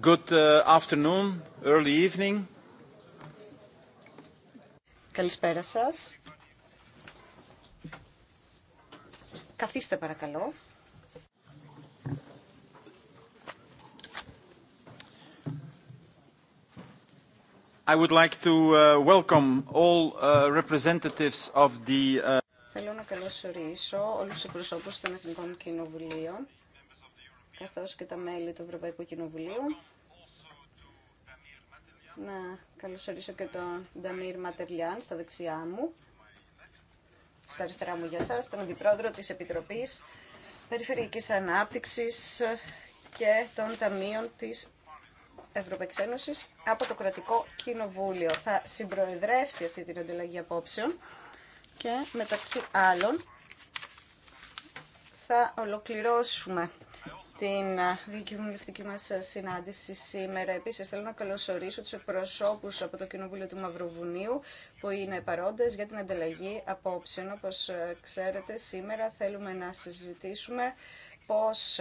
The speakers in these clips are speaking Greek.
Good uh, afternoon, early evening. Καλησπέρα σας. Καθίστε παρακαλώ. I would like to uh, welcome all uh, representatives of the Θέλω να καλωσορίσω όλους τους εκπροσώπους των Εθνικών Κοινοβουλίων καθώς και τα μέλη του Ευρωπαϊκού Κοινοβουλίου. Να καλωσορίσω και τον Νταμίρ Ματερλιάν στα δεξιά μου, στα αριστερά μου για σας, τον Αντιπρόεδρο της Επιτροπής Περιφερειακής Ανάπτυξης και των Ταμείων της Ευρωπαϊκής Ένωσης από το Κρατικό Κοινοβούλιο. Θα συμπροεδρεύσει αυτή την ανταλλαγή απόψεων και μεταξύ άλλων θα ολοκληρώσουμε την διακοινωνιστική μας συνάντηση σήμερα. Επίσης, θέλω να καλωσορίσω του προσώπου από το Κοινοβούλιο του Μαυροβουνίου που είναι παρόντε για την ανταλλαγή απόψεων. Όπω ε, ξέρετε, σήμερα θέλουμε να συζητήσουμε πώς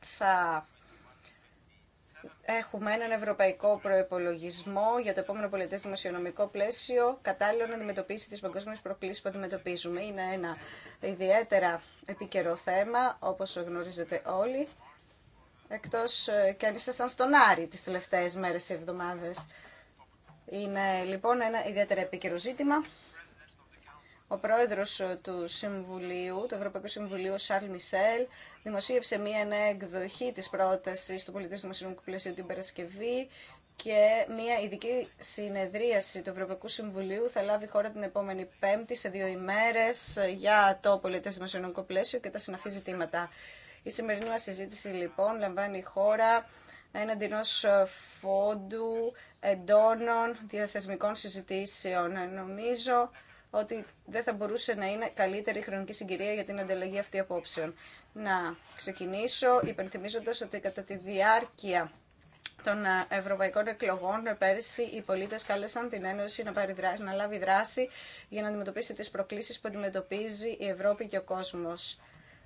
θα έχουμε έναν ευρωπαϊκό προπολογισμό για το επόμενο πολιτικό δημοσιονομικό πλαίσιο κατάλληλο να αντιμετωπίσει τι παγκόσμιες προκλήσει που αντιμετωπίζουμε. Είναι ένα ιδιαίτερα επίκαιρο θέμα, όπω γνωρίζετε όλοι, εκτός ε, και αν ήσασταν στον Άρη τις τελευταίες μέρες ή εβδομάδες. Είναι λοιπόν ένα ιδιαίτερα επίκαιρο ζήτημα ο πρόεδρος του Συμβουλίου, του Ευρωπαϊκού Συμβουλίου, Σαρλ Μισελ, δημοσίευσε μία νέα εκδοχή της πρότασης του πολιτικού δημοσιονομικού πλαισίου την Παρασκευή και μία ειδική συνεδρίαση του Ευρωπαϊκού Συμβουλίου θα λάβει χώρα την επόμενη Πέμπτη σε δύο ημέρες για το πολιτικό δημοσιονομικό πλαίσιο και τα συναφή ζητήματα. Η σημερινή μας συζήτηση λοιπόν λαμβάνει χώρα έναντι ενό φόντου εντόνων διαθεσμικών συζητήσεων. Νομίζω ότι δεν θα μπορούσε να είναι καλύτερη η χρονική συγκυρία για την ανταλλαγή αυτή απόψεων. Να ξεκινήσω υπενθυμίζοντας ότι κατά τη διάρκεια των ε, ευρωπαϊκών εκλογών ε, πέρσι οι πολίτες κάλεσαν την Ένωση να, να λάβει δράση για να αντιμετωπίσει τις προκλήσεις που αντιμετωπίζει η Ευρώπη και ο κόσμος.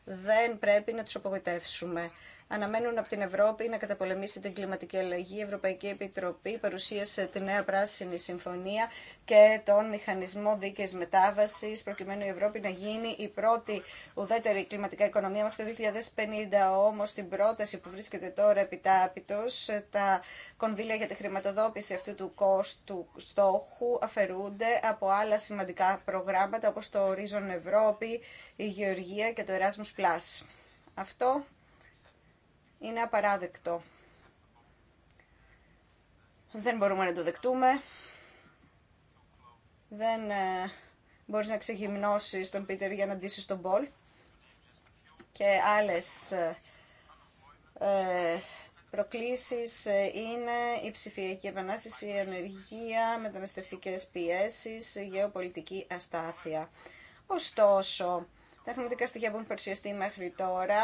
Δεν πρέπει να τους απογοητεύσουμε αναμένουν από την Ευρώπη να καταπολεμήσει την κλιματική αλλαγή. Η Ευρωπαϊκή Επιτροπή παρουσίασε τη νέα πράσινη συμφωνία και τον μηχανισμό δίκαιης μετάβαση προκειμένου η Ευρώπη να γίνει η πρώτη ουδέτερη κλιματικά οικονομία μέχρι το 2050. όμω την πρόταση που βρίσκεται τώρα επιτάπητο, τα κονδύλια για τη χρηματοδότηση αυτού του κόστου στόχου αφαιρούνται από άλλα σημαντικά προγράμματα όπω το Horizon Ευρώπη, η Γεωργία και το Erasmus+. Αυτό είναι απαράδεκτο. Δεν μπορούμε να το δεκτούμε. Δεν ε, μπορείς να ξεγυμνώσεις τον Πίτερ για να ντύσεις τον Πολ και άλλες ε, ε, προκλήσεις είναι η ψηφιακή επανάσταση, η ανεργία, μεταναστευτικές πιέσεις, γεωπολιτική αστάθεια. Ωστόσο, τα χρηματικά στοιχεία που έχουν παρουσιαστεί μέχρι τώρα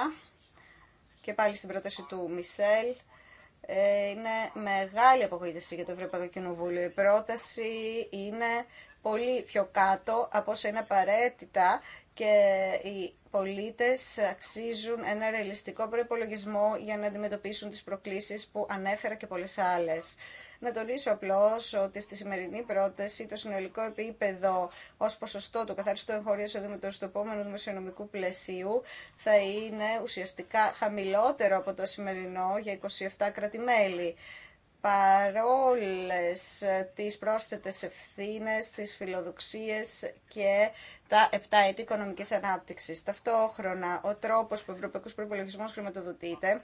και πάλι στην πρόταση του Μισελ, ε, είναι μεγάλη απογοήτευση για το Ευρωπαϊκό Κοινοβούλιο. Η πρόταση είναι πολύ πιο κάτω από όσα είναι απαραίτητα και οι πολίτες αξίζουν ένα ρεαλιστικό προϋπολογισμό για να αντιμετωπίσουν τις προκλήσεις που ανέφερα και πολλές άλλες. Να τονίσω απλώ ότι στη σημερινή πρόταση το συνολικό επίπεδο ω ποσοστό του καθαριστού εγχωρίου εισοδήματο του επόμενου δημοσιονομικού πλαισίου θα είναι ουσιαστικά χαμηλότερο από το σημερινό για 27 κρατημέλη Παρόλε τι πρόσθετε ευθύνε, τι φιλοδοξίε και τα 7 έτη οικονομικής ανάπτυξης. Ταυτόχρονα, ο τρόπο που ο Ευρωπαϊκό Προπολογισμό χρηματοδοτείται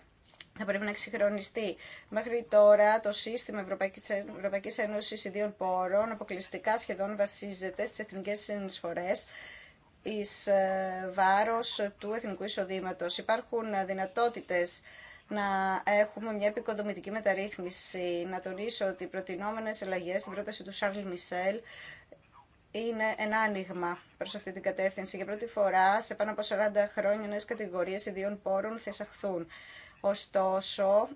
θα πρέπει να εξυγχρονιστεί. Μέχρι τώρα το σύστημα Ευρωπαϊκή Ένωση Ιδίων Πόρων αποκλειστικά σχεδόν βασίζεται στι εθνικέ συνεισφορέ ει ε, βάρο του εθνικού εισοδήματο. Υπάρχουν δυνατότητε να έχουμε μια επικοδομητική μεταρρύθμιση. Να τονίσω ότι οι προτινόμενες αλλαγές στην πρόταση του Σάρλ Μισελ είναι ένα άνοιγμα προ αυτή την κατεύθυνση. Για πρώτη φορά, σε πάνω από 40 χρόνια, νέε κατηγορίε ιδίων πόρων θα Ωστόσο,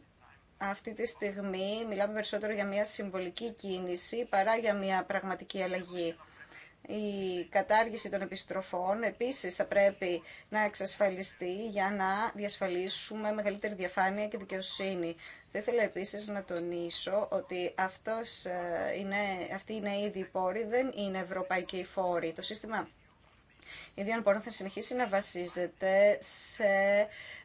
αυτή τη στιγμή μιλάμε περισσότερο για μια συμβολική κίνηση παρά για μια πραγματική αλλαγή. Η κατάργηση των επιστροφών επίσης θα πρέπει να εξασφαλιστεί για να διασφαλίσουμε μεγαλύτερη διαφάνεια και δικαιοσύνη. Θα ήθελα επίσης να τονίσω ότι αυτός ε, είναι, αυτή είναι ήδη η πόρη, δεν είναι ευρωπαϊκή φόρη. Το σύστημα η λοιπόν θα συνεχίσει να βασίζεται σε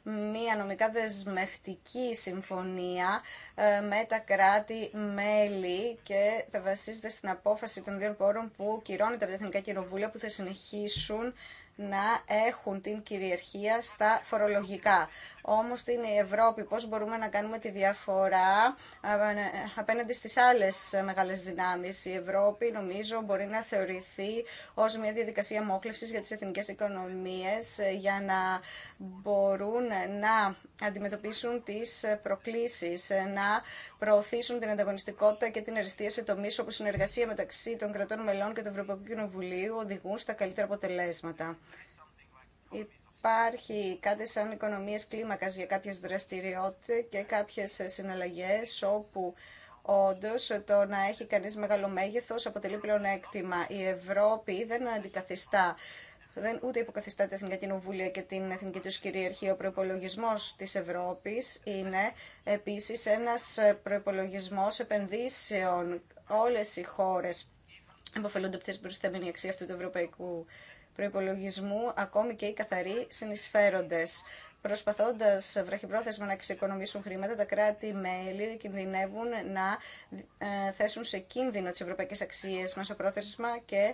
μια νομικά δεσμευτική συμφωνία ε, με τα κράτη-μέλη και θα βασίζεται στην απόφαση των δύο πόρων που κυρώνεται από τα Εθνικά Κοινοβούλια που θα συνεχίσουν να έχουν την κυριαρχία στα φορολογικά. Όμως στην Ευρώπη πώς μπορούμε να κάνουμε τη διαφορά ε, απέναντι στις άλλες μεγάλες δυνάμεις. Η Ευρώπη νομίζω μπορεί να θεωρηθεί ως μια διαδικασία μόχλευσης για τις εθνικές οικονομίες ε, για να μπορούν να αντιμετωπίσουν τις προκλήσεις, να προωθήσουν την ανταγωνιστικότητα και την αριστεία σε τομείς όπως η συνεργασία μεταξύ των κρατών μελών και του Ευρωπαϊκού Κοινοβουλίου οδηγούν στα καλύτερα αποτελέσματα. Υπάρχει κάτι σαν οικονομίες κλίμακας για κάποιες δραστηριότητες και κάποιες συναλλαγές όπου Όντω, το να έχει κανεί μεγάλο μέγεθο αποτελεί πλεονέκτημα. Η Ευρώπη δεν αντικαθιστά δεν ούτε υποκαθιστά την Εθνική Κοινοβούλια και την εθνική του κυριαρχία. Ο προπολογισμό τη Ευρώπη είναι επίση ένα προπολογισμό επενδύσεων. Όλε οι χώρε υποφελούνται από τι προστιθέμενη αξία αυτού του ευρωπαϊκού προπολογισμού, ακόμη και οι καθαροί συνεισφέροντε. Προσπαθώντα βραχυπρόθεσμα να ξεκονομήσουν χρήματα, τα κράτη-μέλη κινδυνεύουν να ε, θέσουν σε κίνδυνο τι ευρωπαϊκέ αξίε μέσω πρόθεσμα και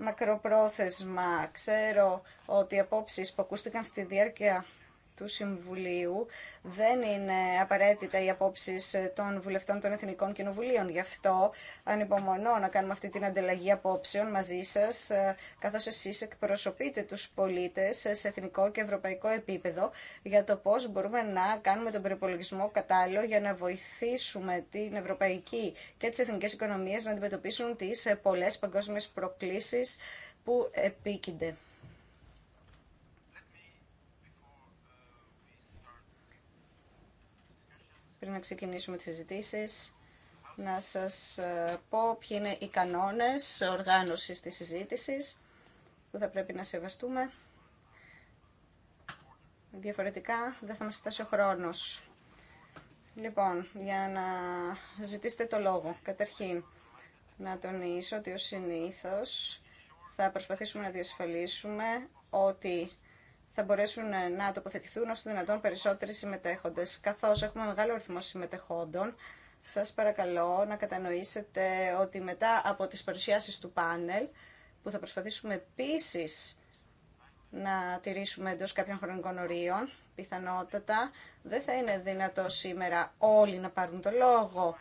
μακροπρόθεσμα. Ξέρω ότι οι απόψεις που ακούστηκαν στη διάρκεια του Συμβουλίου δεν είναι απαραίτητα οι απόψει ε, των βουλευτών των Εθνικών Κοινοβουλίων. Γι' αυτό ανυπομονώ να κάνουμε αυτή την ανταλλαγή απόψεων μαζί σα, ε, καθώ εσεί εκπροσωπείτε του πολίτε ε, σε εθνικό και ευρωπαϊκό επίπεδο για το πώ μπορούμε να κάνουμε τον προπολογισμό κατάλληλο για να βοηθήσουμε την ευρωπαϊκή και τι εθνικέ οικονομίε να αντιμετωπίσουν τι πολλέ παγκόσμιε προκλήσει που επίκυνται. πριν να ξεκινήσουμε τις συζητήσεις, να σας ε, πω ποιοι είναι οι κανόνες οργάνωσης της συζήτησης που θα πρέπει να σεβαστούμε. Διαφορετικά δεν θα μας φτάσει ο χρόνος. Λοιπόν, για να ζητήσετε το λόγο. Καταρχήν, να τονίσω ότι ο συνήθως θα προσπαθήσουμε να διασφαλίσουμε ότι θα μπορέσουν ε, να τοποθετηθούν όσο δυνατόν περισσότεροι συμμετέχοντες. Καθώ έχουμε μεγάλο αριθμό συμμετεχόντων, σας παρακαλώ να κατανοήσετε ότι μετά από τις παρουσιάσει του πάνελ, που θα προσπαθήσουμε επίση να τηρήσουμε εντό κάποιων χρονικών ορίων, πιθανότατα δεν θα είναι δυνατό σήμερα όλοι να πάρουν το λόγο.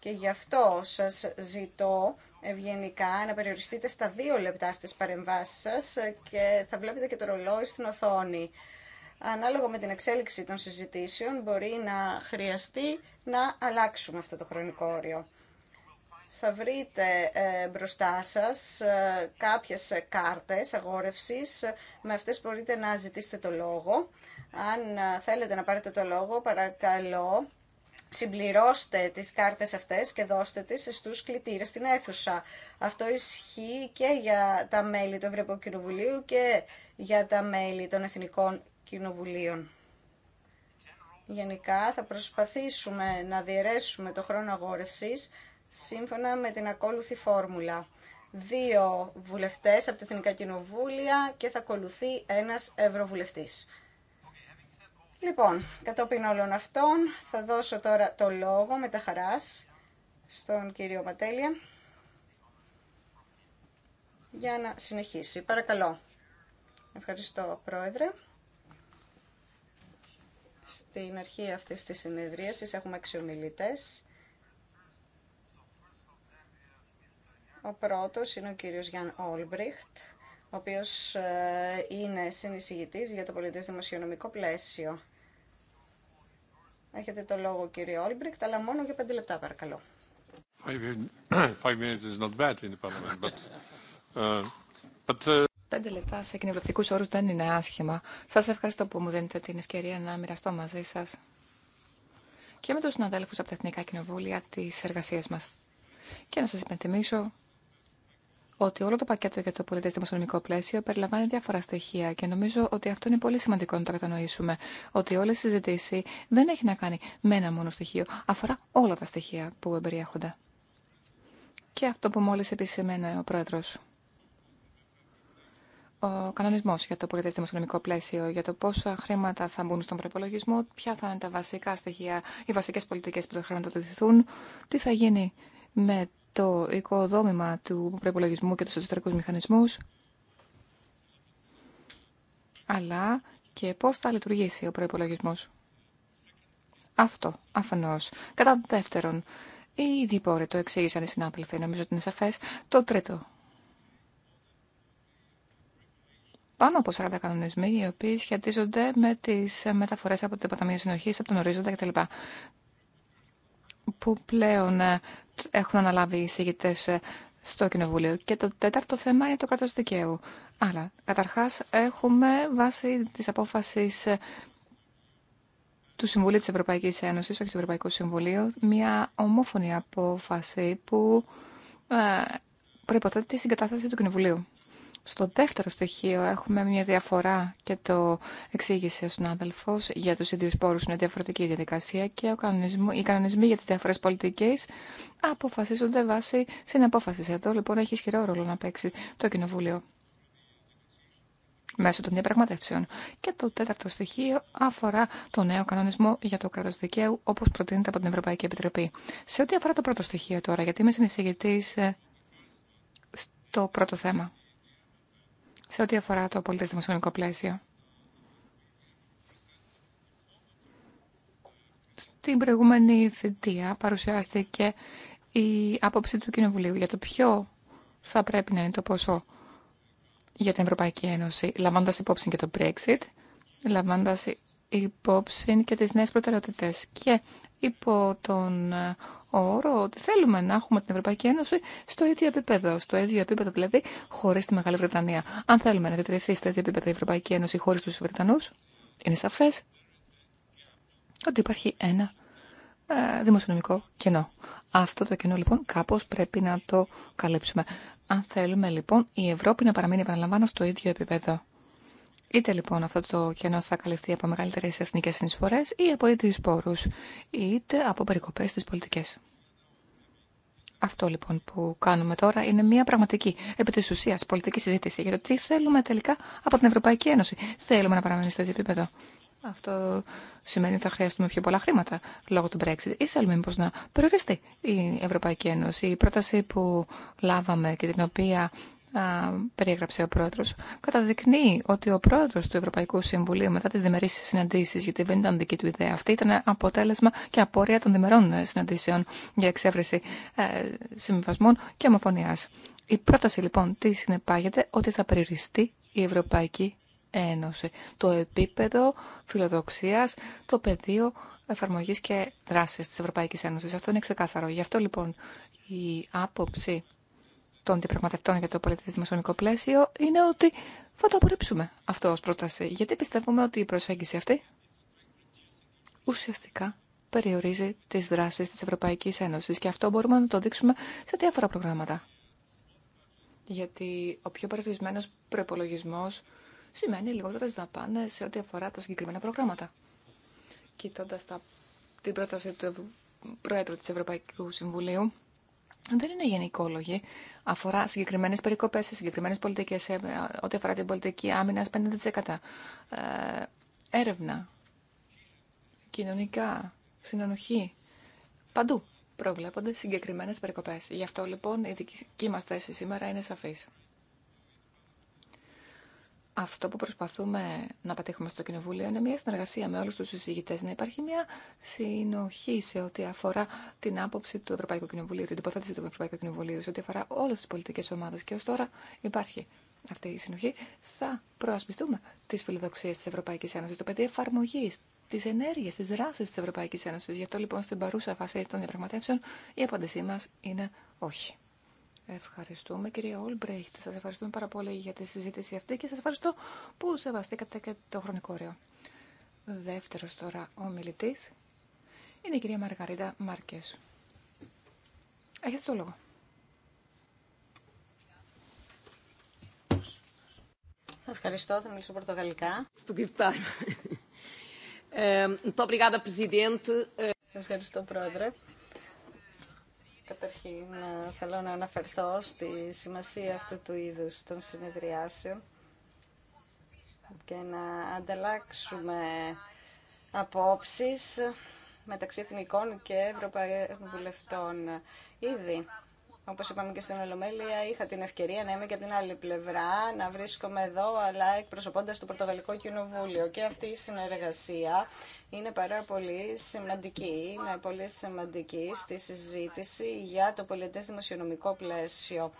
Και γι' αυτό σας ζητώ ευγενικά να περιοριστείτε στα δύο λεπτά στις παρεμβάσεις σας και θα βλέπετε και το ρολόι στην οθόνη. Ανάλογα με την εξέλιξη των συζητήσεων μπορεί να χρειαστεί να αλλάξουμε αυτό το χρονικό όριο. Θα βρείτε ε, μπροστά σας ε, κάποιες κάρτες αγόρευσης. Με αυτές μπορείτε να ζητήσετε το λόγο. Αν ε, θέλετε να πάρετε το λόγο, παρακαλώ συμπληρώστε τις κάρτες αυτές και δώστε τις στους κλητήρες στην αίθουσα. Αυτό ισχύει και για τα μέλη του Ευρωπαϊκού Κοινοβουλίου και για τα μέλη των Εθνικών Κοινοβουλίων. Γενικά θα προσπαθήσουμε να διαιρέσουμε το χρόνο αγόρευσης σύμφωνα με την ακόλουθη φόρμουλα. Δύο βουλευτές από τα Εθνικά Κοινοβούλια και θα ακολουθεί ένας Ευρωβουλευτής. Λοιπόν, κατόπιν όλων αυτών θα δώσω τώρα το λόγο με τα χαράς στον κύριο Ματέλια για να συνεχίσει. Παρακαλώ. Ευχαριστώ, Πρόεδρε. Στην αρχή αυτής της συνεδρίασης έχουμε αξιομιλητές. Ο πρώτος είναι ο κύριος Γιάνν Όλμπριχτ, ο οποίος ε, είναι συνεισηγητής για το πολιτές δημοσιονομικό πλαίσιο. Έχετε το λόγο κύριε Όλμπρικτ, αλλά μόνο για πέντε λεπτά παρακαλώ. Πέντε λεπτά σε κοινοβουλευτικού όρου δεν είναι άσχημα. Σα ευχαριστώ που μου δίνετε την ευκαιρία να μοιραστώ μαζί σα και με του συναδέλφου από τα Εθνικά Κοινοβούλια τι εργασίε μα. Και να σα υπενθυμίσω ότι όλο το πακέτο για το πολιτιστικο δημοσιονομικό πλαίσιο περιλαμβάνει διάφορα στοιχεία και νομίζω ότι αυτό είναι πολύ σημαντικό να το κατανοήσουμε, ότι όλη η συζήτηση δεν έχει να κάνει με ένα μόνο στοιχείο, αφορά όλα τα στοιχεία που εμπεριέχονται. Και αυτό που μόλι επισημένα ο πρόεδρο. Ο κανονισμό για το πολιτιστικο δημοσιονομικό πλαίσιο, για το πόσα χρήματα θα μπουν στον προπολογισμό, ποια θα είναι τα βασικά στοιχεία, οι βασικέ πολιτικέ που θα χρηματοδοτηθούν, τι θα γίνει με το οικοδόμημα του προπολογισμού και του εσωτερικούς μηχανισμούς, αλλά και πώς θα λειτουργήσει ο προϋπολογισμός. Αυτό, αφανώς. Κατά δεύτερον, ήδη μπορεί το εξήγησαν οι συνάδελφοι, νομίζω ότι είναι σαφές. Το τρίτο. Πάνω από 40 κανονισμοί, οι οποίοι σχετίζονται με τις μεταφορές από την Παταμία Συνοχής, από τον ορίζοντα κτλ. Που πλέον έχουν αναλάβει οι ε, στο Κοινοβούλιο. Και το τέταρτο θέμα είναι το κράτο δικαίου. Άρα, καταρχά, έχουμε βάσει τη απόφαση ε, του Συμβουλίου της Ευρωπαϊκής Ένωσης, όχι του Ευρωπαϊκού Συμβουλίου, μια ομόφωνη απόφαση που προποθέτει προϋποθέτει τη συγκατάθεση του Κοινοβουλίου. Στο δεύτερο στοιχείο έχουμε μια διαφορά και το εξήγησε ο συνάδελφο για του ίδιου πόρου. Είναι διαφορετική διαδικασία και ο οι κανονισμοί για τι διάφορε πολιτικέ αποφασίζονται βάσει συναπόφαση. Εδώ λοιπόν έχει ισχυρό ρόλο να παίξει το Κοινοβούλιο μέσω των διαπραγματεύσεων. Και το τέταρτο στοιχείο αφορά το νέο κανονισμό για το κράτο δικαίου, όπω προτείνεται από την Ευρωπαϊκή Επιτροπή. Σε ό,τι αφορά το πρώτο στοιχείο τώρα, γιατί είμαι συνεισηγητή ε, στο πρώτο θέμα σε ό,τι αφορά το πολιτές δημοσιονομικό πλαίσιο. Στην προηγούμενη θητεία παρουσιάστηκε η άποψη του Κοινοβουλίου για το ποιο θα πρέπει να είναι το ποσό για την Ευρωπαϊκή Ένωση, λαμβάνοντας υπόψη και το Brexit, λαμβάνοντας υπόψη και τις νέες προτεραιότητες. Και υπό τον ε, όρο ότι θέλουμε να έχουμε την Ευρωπαϊκή Ένωση στο ίδιο επίπεδο. Στο ίδιο επίπεδο δηλαδή χωρίς τη Μεγάλη Βρετανία. Αν θέλουμε να διατηρηθεί στο ίδιο επίπεδο η Ευρωπαϊκή Ένωση χωρίς τους Βρετανούς, είναι σαφές ότι υπάρχει ένα ε, δημοσιονομικό κενό. Αυτό το κενό λοιπόν κάπως πρέπει να το καλύψουμε. Αν θέλουμε λοιπόν η Ευρώπη να παραμείνει επαναλαμβάνω στο ίδιο επίπεδο. Είτε λοιπόν αυτό το κενό θα καλυφθεί από μεγαλύτερε εθνικέ συνεισφορέ ή από ίδιου πόρου, είτε από περικοπέ στι πολιτικέ. Αυτό λοιπόν που κάνουμε τώρα είναι μια πραγματική, επί τη ουσία, πολιτική συζήτηση για το τι θέλουμε τελικά από την Ευρωπαϊκή Ένωση. Θέλουμε να παραμείνει στο ίδιο επίπεδο. Αυτό σημαίνει ότι θα χρειαστούμε πιο πολλά χρήματα λόγω του Brexit ή θέλουμε μήπως να περιοριστεί η Ευρωπαϊκή Ένωση. Η πρόταση που λάβαμε και την οποία περιέγραψε ο πρόεδρο, καταδεικνύει ότι ο πρόεδρο του Ευρωπαϊκού Συμβουλίου μετά τι διμερεί συναντήσει, γιατί δεν ήταν δική του ιδέα αυτή, ήταν αποτέλεσμα και απορία των δημερών συναντήσεων για εξέβρεση ε, και ομοφωνιάς. Η πρόταση λοιπόν τι συνεπάγεται ότι θα περιοριστεί η Ευρωπαϊκή Ένωση, το επίπεδο φιλοδοξίας, το πεδίο εφαρμογής και δράσης της Ευρωπαϊκής Ένωσης. Αυτό είναι ξεκάθαρο. Γι' αυτό λοιπόν η άποψη των διαπραγματευτών για το πολιτισμικό πλαίσιο είναι ότι θα το απορρίψουμε αυτό ως πρόταση. Γιατί πιστεύουμε ότι η προσέγγιση αυτή ουσιαστικά περιορίζει τις δράσεις της Ευρωπαϊκής Ένωσης και αυτό μπορούμε να το δείξουμε σε διάφορα προγράμματα. Γιατί ο πιο περιορισμένος προπολογισμό σημαίνει λιγότερες δαπάνες σε ό,τι αφορά τα συγκεκριμένα προγράμματα. Κοιτώντας τα, την πρόταση του Προέδρου της Ευρωπαϊκού Συμβουλίου, δεν είναι γενικόλογη, αφορά συγκεκριμένε περικοπέ συγκεκριμένε πολιτικέ, ε, ό,τι αφορά την πολιτική άμυνα 50%. Ε, έρευνα, κοινωνικά, συνανοχή. Παντού προβλέπονται συγκεκριμένε περικοπέ. Γι' αυτό λοιπόν η δική μα θέση σήμερα είναι σαφή αυτό που προσπαθούμε να πετύχουμε στο Κοινοβούλιο είναι μια συνεργασία με όλους τους συζητητέ. να υπάρχει μια συνοχή σε ό,τι αφορά την άποψη του Ευρωπαϊκού Κοινοβουλίου, την τοποθέτηση του Ευρωπαϊκού Κοινοβουλίου, σε ό,τι αφορά όλες τις πολιτικές ομάδες και ως τώρα υπάρχει αυτή η συνοχή, θα προασπιστούμε τι φιλοδοξίε τη Ευρωπαϊκή Ένωση, το πεδίο εφαρμογή, τι ενέργειε, τι δράσει τη Ευρωπαϊκή Ένωση. Γι' αυτό λοιπόν στην παρούσα φάση των διαπραγματεύσεων η απάντησή μα είναι όχι. Ευχαριστούμε κυρία Ολμπρέχτ. Σας ευχαριστούμε πάρα πολύ για τη συζήτηση αυτή και σας ευχαριστώ που σεβαστήκατε και το χρονικό όριο. Δεύτερος τώρα ο μιλητής είναι η κυρία Μαργαρίτα Μάρκες. Έχετε το λόγο. Ευχαριστώ, θα μιλήσω πορτογαλικά. Στο ε, Ευχαριστώ, Πρόεδρε. Καταρχήν ε, θέλω να αναφερθώ στη σημασία αυτού του είδους των συνεδριάσεων και να ανταλλάξουμε απόψεις μεταξύ εθνικών και ευρωπαϊκών βουλευτών. Ήδη όπως είπαμε και στην Ολομέλεια, είχα την ευκαιρία να είμαι και από την άλλη πλευρά, να βρίσκομαι εδώ, αλλά εκπροσωπώντας το Πορτογαλικό Κοινοβούλιο. Και αυτή η συνεργασία είναι πάρα πολύ σημαντική, είναι πολύ σημαντική στη συζήτηση για το πολιτέ δημοσιονομικό πλαίσιο.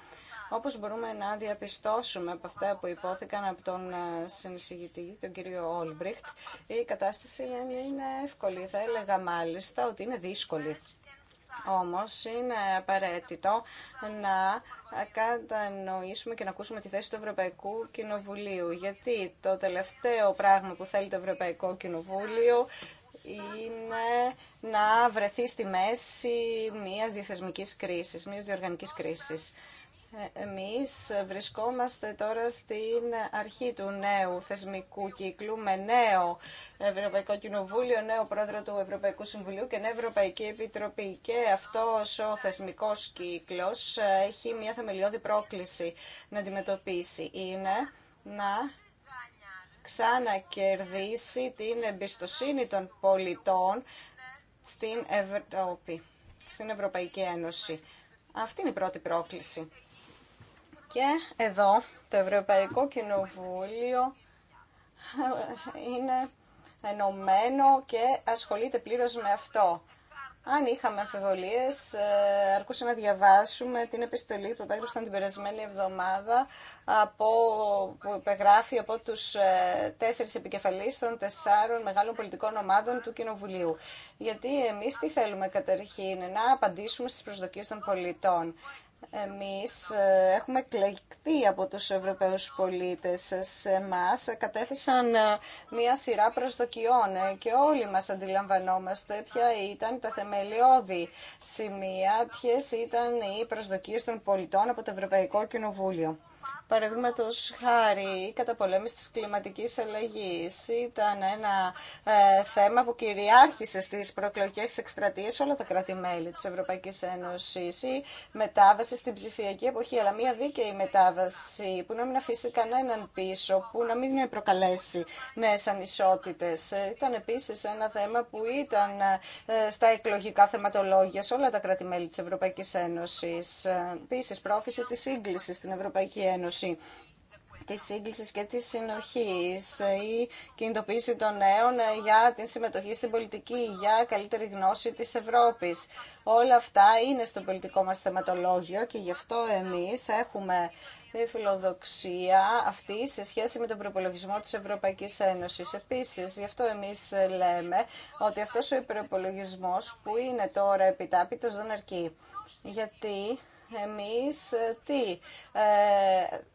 Όπως μπορούμε να διαπιστώσουμε από αυτά που υπόθηκαν από τον ε, συνεισηγητή, τον κύριο Όλμπριχτ, η κατάσταση είναι εύκολη. Θα έλεγα μάλιστα ότι είναι δύσκολη. Όμως είναι απαραίτητο να κατανοήσουμε και να ακούσουμε τη θέση του Ευρωπαϊκού Κοινοβουλίου. Γιατί το τελευταίο πράγμα που θέλει το Ευρωπαϊκό Κοινοβούλιο είναι να βρεθεί στη μέση μιας διαθεσμικής κρίσης, μιας διοργανικής κρίσης. Εμείς βρισκόμαστε τώρα στην αρχή του νέου θεσμικού κύκλου με νέο Ευρωπαϊκό Κοινοβούλιο, νέο πρόεδρο του Ευρωπαϊκού Συμβουλίου και νέα Ευρωπαϊκή Επιτροπή. Και αυτός ο θεσμικός κύκλος έχει μια θεμελιώδη πρόκληση να αντιμετωπίσει. Είναι να ξανακερδίσει την εμπιστοσύνη των πολιτών στην στην Ευρωπαϊκή Ένωση. Αυτή είναι η πρώτη πρόκληση. Και εδώ το Ευρωπαϊκό Κοινοβούλιο ε, είναι ενωμένο και ασχολείται πλήρως με αυτό. Αν είχαμε αμφιβολίες, ε, αρκούσε να διαβάσουμε την επιστολή που επέγραψαν την περασμένη εβδομάδα, από, που υπεγράφει από τους ε, τέσσερις επικεφαλείς των τεσσάρων μεγάλων πολιτικών ομάδων του Κοινοβουλίου. Γιατί εμείς τι θέλουμε καταρχήν, να απαντήσουμε στις προσδοκίες των πολιτών. Εμείς ε, έχουμε εκλεκτεί από τους Ευρωπαίους πολίτες σε μας κατέθεσαν ε, μία σειρά προσδοκιών ε, και όλοι μας αντιλαμβανόμαστε ποια ήταν τα θεμελιώδη σημεία, ποιες ήταν οι προσδοκίες των πολιτών από το Ευρωπαϊκό Κοινοβούλιο. Παραδείγματο χάρη, η καταπολέμηση της κλιματικής αλλαγής ήταν ένα ε, θέμα που κυριάρχησε στις προεκλογικές εκστρατείες όλα τα κράτη-μέλη της Ευρωπαϊκής Ένωσης. Η μετάβαση στην ψηφιακή εποχή, αλλά μια δίκαιη μετάβαση που να μην αφήσει κανέναν πίσω, που να μην προκαλέσει νέες ανισότητες. Ήταν επίσης ένα θέμα που ήταν ε, στα εκλογικά θεματολόγια σε όλα τα κράτη-μέλη της Ευρωπαϊκής Ένωσης. Επίσης, πρόθεση της στην Ευρωπαϊκή Ένωση τη σύγκληση και τη συνοχή, η κινητοποίηση των νέων για την συμμετοχή στην πολιτική, για καλύτερη γνώση τη Ευρώπη. Όλα αυτά είναι στο πολιτικό μα θεματολόγιο και γι' αυτό εμεί έχουμε τη φιλοδοξία αυτή σε σχέση με τον προπολογισμό της Ευρωπαϊκής Ένωσης. Επίσης, γι' αυτό εμείς λέμε ότι αυτός ο προπολογισμό που είναι τώρα επιτάπητος δεν αρκεί. Γιατί εμείς ε, τι ε,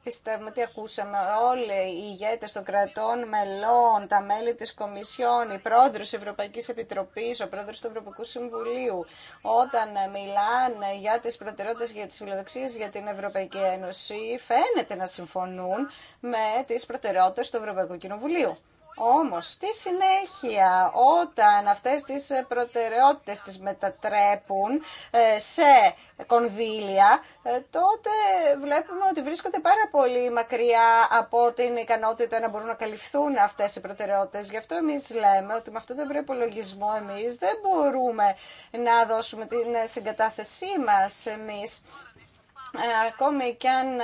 πιστεύουμε, τι ακούσαμε, όλοι οι ηγέτες των κρατών μελών, τα μέλη της Κομισιόν, η πρόεδρος της Ευρωπαϊκής Επιτροπής, ο πρόεδρος του Ευρωπαϊκού Συμβουλίου, όταν μιλάνε για τις προτεραιότητες για τις φιλοδοξίες για την Ευρωπαϊκή Ένωση, φαίνεται να συμφωνούν με τις προτεραιότητες του Ευρωπαϊκού Κοινοβουλίου. Όμως, στη συνέχεια, όταν αυτές τις προτεραιότητες τις μετατρέπουν ε, σε κονδύλια, ε, τότε βλέπουμε ότι βρίσκονται πάρα πολύ μακριά από την ικανότητα να μπορούν να καλυφθούν αυτές οι προτεραιότητες. Γι' αυτό εμείς λέμε ότι με αυτόν τον προπολογισμό εμείς δεν μπορούμε να δώσουμε την συγκατάθεσή μας εμείς ε, ακόμη και αν ε,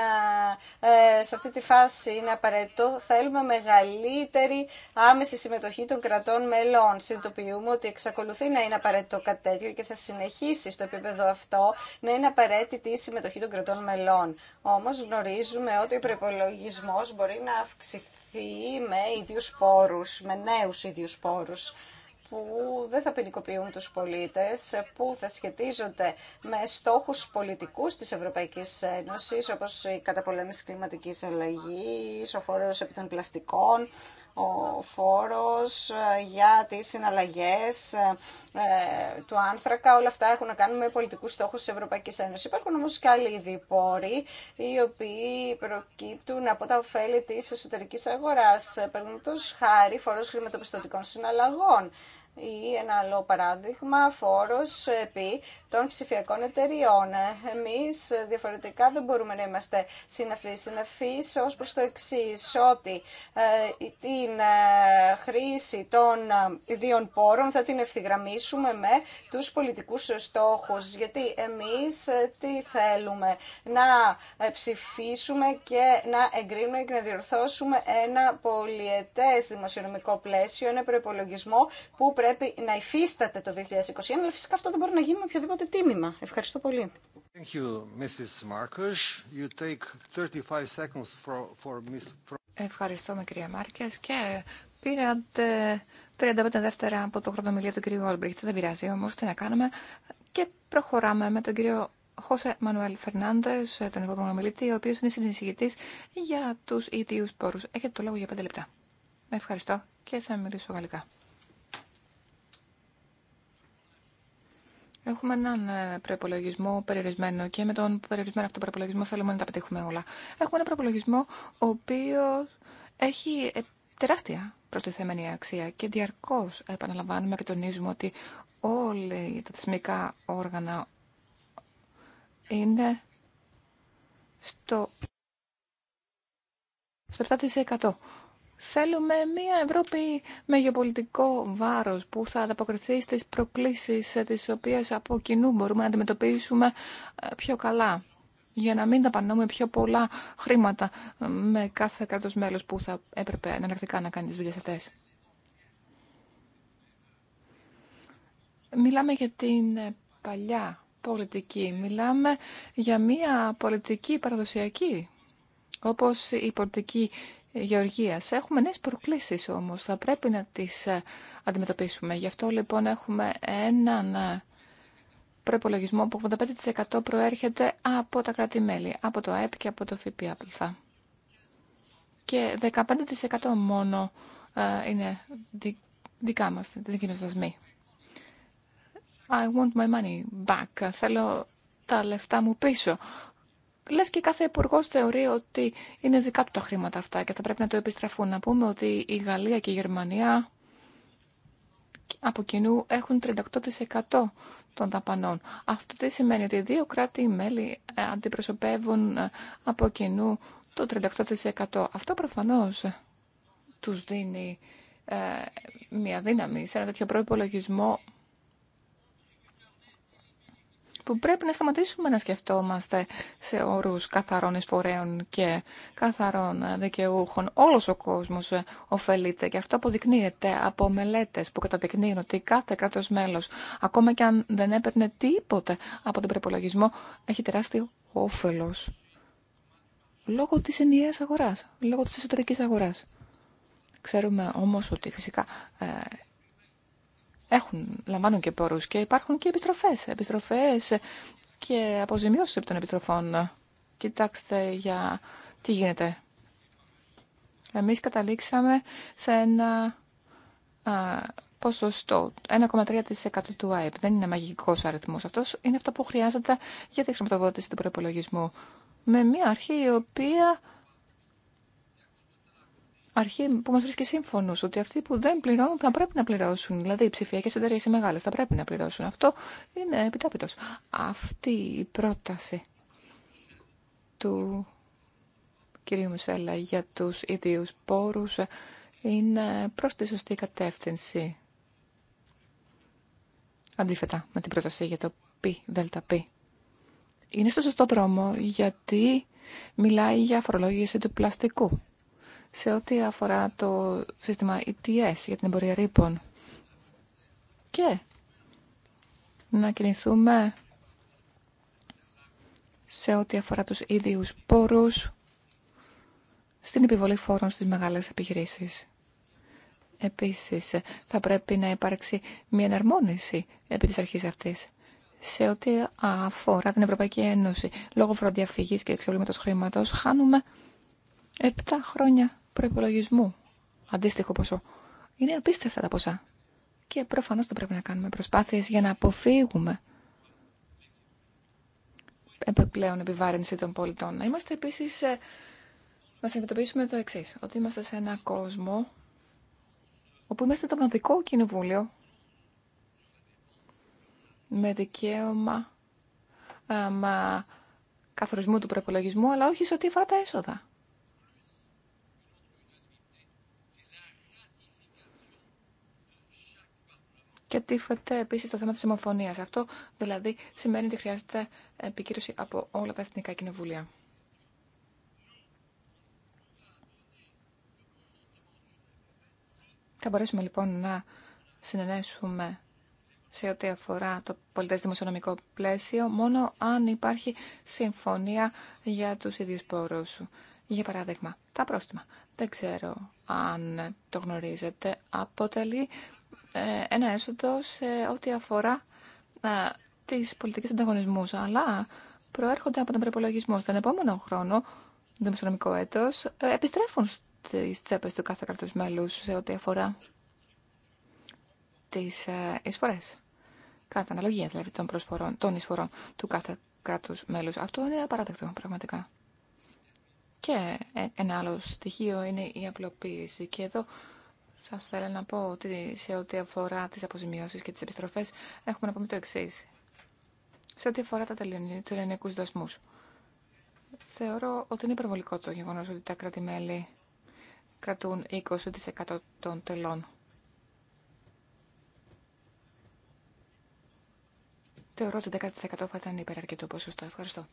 ε, σε αυτή τη φάση είναι απαραίτητο, θέλουμε μεγαλύτερη άμεση συμμετοχή των κρατών μελών. Συνειδητοποιούμε ότι εξακολουθεί να είναι απαραίτητο κάτι τέτοιο και θα συνεχίσει στο επίπεδο αυτό να είναι απαραίτητη η συμμετοχή των κρατών μελών. Όμως γνωρίζουμε ότι ο προπολογισμό μπορεί να αυξηθεί με ίδιους πόρους, με νέους ίδιους πόρους που δεν θα ποινικοποιούν τους πολίτες, που θα σχετίζονται με στόχους πολιτικούς της Ευρωπαϊκής Ένωσης, όπως η καταπολέμηση κλιματικής αλλαγής, ο φόρος επί των πλαστικών, ο φόρος ε, για τις συναλλαγές ε, του άνθρακα. Όλα αυτά έχουν να κάνουν με πολιτικούς στόχους της Ευρωπαϊκής Ένωσης. Υπάρχουν όμως και άλλοι είδη οι οποίοι προκύπτουν από τα ωφέλη της εσωτερικής αγοράς. Παραδείγματος χάρη φόρος χρηματοπιστωτικών συναλλαγών ή ένα άλλο παράδειγμα, φόρος επί των ψηφιακών εταιριών. Εμείς διαφορετικά δεν μπορούμε να είμαστε συναφείς. Συναφείς ως προς το εξή ότι ε, την ε, χρήση των ε, ιδίων πόρων θα την ευθυγραμμίσουμε με τους πολιτικούς στόχους. Γιατί εμείς ε, τι θέλουμε, να ψηφίσουμε και να εγκρίνουμε και να διορθώσουμε ένα πολιετές δημοσιονομικό πλαίσιο, ένα προπολογισμό που πρέπει να υφίσταται το 2021, αλλά φυσικά αυτό δεν μπορεί να γίνει με οποιοδήποτε τίμημα. Ευχαριστώ πολύ. Ευχαριστώ, you, Mrs. κυρία Μάρκες και πήρατε 35 δεύτερα από το χρονομιλία του κυρίου Όλμπριχτ. Δεν πειράζει όμω τι να κάνουμε. Και προχωράμε με τον κύριο Χώσε Μανουέλ Φερνάντε, τον επόμενο μιλητή, ο οποίο είναι συνεισηγητή για του ιδίου πόρου. Έχετε το λόγο για 5 λεπτά. Ευχαριστώ και θα μιλήσω γαλλικά. Έχουμε έναν ε, προπολογισμό περιορισμένο και με τον περιορισμένο αυτό προπολογισμό θέλουμε να τα πετύχουμε όλα. Έχουμε έναν προπολογισμό ο οποίο έχει ε, τεράστια προστιθέμενη αξία και διαρκώ επαναλαμβάνουμε και τονίζουμε ότι όλοι τα θεσμικά όργανα είναι στο, στο 7% Θέλουμε μια Ευρώπη με γεωπολιτικό βάρο που θα ανταποκριθεί στι προκλήσει ε, τις οποίες από κοινού μπορούμε να αντιμετωπίσουμε ε, πιο καλά για να μην ταπανούμε πιο πολλά χρήματα ε, με κάθε κράτος μέλος που θα έπρεπε εναλλακτικά να κάνει τι δουλειές αυτέ. Μιλάμε για την παλιά πολιτική. Μιλάμε για μια πολιτική παραδοσιακή, όπως η πολιτική γεωργίας. Έχουμε νέες προκλήσεις όμως, θα πρέπει να τις ε, αντιμετωπίσουμε. Γι' αυτό λοιπόν έχουμε έναν ε, προπολογισμό που 85% προέρχεται από τα κράτη-μέλη, από το ΑΕΠ και από το ΦΠΑ. Και 15% μόνο ε, είναι δικά μας, δική μας δασμή. I want my money back. Θέλω τα λεφτά μου πίσω λες και κάθε υπουργό θεωρεί ότι είναι δικά του τα χρήματα αυτά και θα πρέπει να το επιστραφούν. Να πούμε ότι η Γαλλία και η Γερμανία από κοινού έχουν 38% των δαπανών. Αυτό τι σημαίνει ότι οι δύο κράτη-μέλη ε, αντιπροσωπεύουν ε, από κοινού το 38%. Αυτό προφανώς τους δίνει ε, μια δύναμη σε ένα τέτοιο προϋπολογισμό που πρέπει να σταματήσουμε να σκεφτόμαστε σε όρους καθαρών εισφορέων και καθαρών δικαιούχων. Όλος ο κόσμος ωφελείται και αυτό αποδεικνύεται από μελέτες που καταδεικνύουν ότι κάθε κράτος μέλος, ακόμα και αν δεν έπαιρνε τίποτε από τον προπολογισμό, έχει τεράστιο όφελος. Λόγω της ενιαίας αγοράς, λόγω της εσωτερικής αγοράς. Ξέρουμε όμως ότι φυσικά ε, έχουν, λαμβάνουν και πόρους και υπάρχουν και επιστροφές, επιστροφές και αποζημιώσεις από των επιστροφών. Κοιτάξτε για τι γίνεται. Εμείς καταλήξαμε σε ένα α, ποσοστό, 1,3% του ΑΕΠ. Δεν είναι μαγικός αριθμός αυτός, είναι αυτό που χρειάζεται για τη χρηματοδότηση του προπολογισμού. Με μια αρχή η οποία αρχή που μα βρίσκει σύμφωνο, ότι αυτοί που δεν πληρώνουν θα πρέπει να πληρώσουν. Δηλαδή οι ψηφιακέ εταιρείε οι μεγάλε θα πρέπει να πληρώσουν. Αυτό είναι επιτάπητο. Αυτή η πρόταση του κυρίου Μισέλα για του ιδίου πόρου είναι προ τη σωστή κατεύθυνση. Αντίθετα με την πρόταση για το πι δελτα πι. Είναι στο σωστό δρόμο γιατί μιλάει για αφορολόγηση του πλαστικού σε ό,τι αφορά το σύστημα ETS για την εμπορία ρήπων. Και να κινηθούμε σε ό,τι αφορά τους ίδιους πόρους στην επιβολή φόρων στις μεγάλες επιχειρήσεις. Επίσης, θα πρέπει να υπάρξει μια εναρμόνιση επί της αρχής αυτής σε ό,τι αφορά την Ευρωπαϊκή Ένωση. Λόγω φοροδιαφυγής και εξεβλήματος χρήματος χάνουμε 7 χρόνια προπολογισμού. Αντίστοιχο ποσό. Είναι απίστευτα τα ποσά. Και προφανώς το πρέπει να κάνουμε προσπάθειες για να αποφύγουμε επιπλέον επιβάρυνση των πολιτών. Να είμαστε επίσης, ε, να συνειδητοποιήσουμε το εξής, ότι είμαστε σε ένα κόσμο όπου είμαστε το μοναδικό κοινοβούλιο με δικαίωμα α, ε, μα, καθορισμού του προπολογισμού, αλλά όχι σε ό,τι αφορά τα έσοδα. Και τίθεται επίση το θέμα τη ομοφωνία. Αυτό δηλαδή σημαίνει ότι χρειάζεται επικύρωση από όλα τα εθνικά κοινοβούλια. Θα μπορέσουμε λοιπόν να συνενέσουμε σε ό,τι αφορά το πολιτές δημοσιονομικό πλαίσιο μόνο αν υπάρχει συμφωνία για τους ίδιους πόρους. Για παράδειγμα, τα πρόστιμα. Δεν ξέρω αν το γνωρίζετε. Αποτελεί ε, ένα έσοδο σε ό,τι αφορά ε, τις πολιτικές ανταγωνισμού, αλλά προέρχονται από τον προπολογισμό. Στον επόμενο χρόνο, το έτο, έτος, ε, επιστρέφουν στι τσέπε του κάθε κρατου μέλους σε ό,τι αφορά τις εισφορέ. Κατά αναλογία δηλαδή των, προσφορών, των εισφορών του κάθε κράτου μέλους. Αυτό είναι απαράδεκτο πραγματικά. Και ένα άλλο στοιχείο είναι η απλοποίηση. Και εδώ θα ήθελα να πω ότι σε ό,τι αφορά τις αποζημιώσει και τις επιστροφές έχουμε να πούμε το εξή. Σε ό,τι αφορά τα ελληνικούς δασμού. Θεωρώ ότι είναι υπερβολικό το γεγονό ότι τα κράτη-μέλη κρατούν 20% των τελών. Θεωρώ ότι 10% θα ήταν υπεραρκετό ποσοστό. Ευχαριστώ.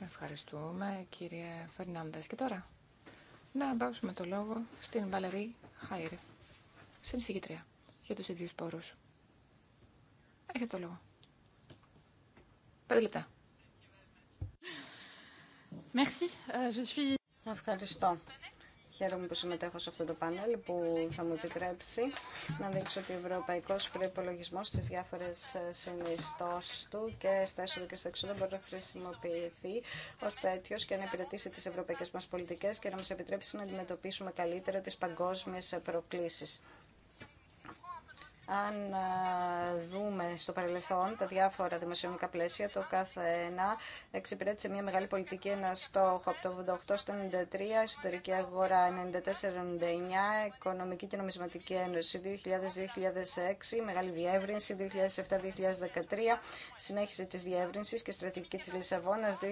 Ευχαριστούμε κύριε Φερνάνδε. Και τώρα να δώσουμε το λόγο στην Βαλερή στην συγκεκριά, για τους ίδιους πόρους. Έχετε το λόγο. Πέντε λεπτά. Ε, Ευχαριστώ. Χαίρομαι που συμμετέχω σε αυτό το πάνελ που θα μου επιτρέψει να δείξω ότι ο ευρωπαϊκό προπολογισμό στι διάφορε συνιστώσει του και στα έσοδα και στα εξόδα μπορεί να χρησιμοποιηθεί ω τέτοιο και να υπηρετήσει τι ευρωπαϊκέ μα πολιτικέ και να μα επιτρέψει να αντιμετωπίσουμε καλύτερα τι παγκόσμιε προκλήσει. Αν δούμε στο παρελθόν τα διάφορα δημοσιονομικά πλαίσια, το κάθε ένα εξυπηρέτησε μια μεγάλη πολιτική, ένα στόχο από το 88 στο 93, εσωτερική αγορά 94-99, οικονομική και νομισματική ένωση 2000-2006, μεγάλη διεύρυνση 2007-2013, συνέχιση της διεύρυνσης και στρατηγική της Λισαβόνας 2014-20,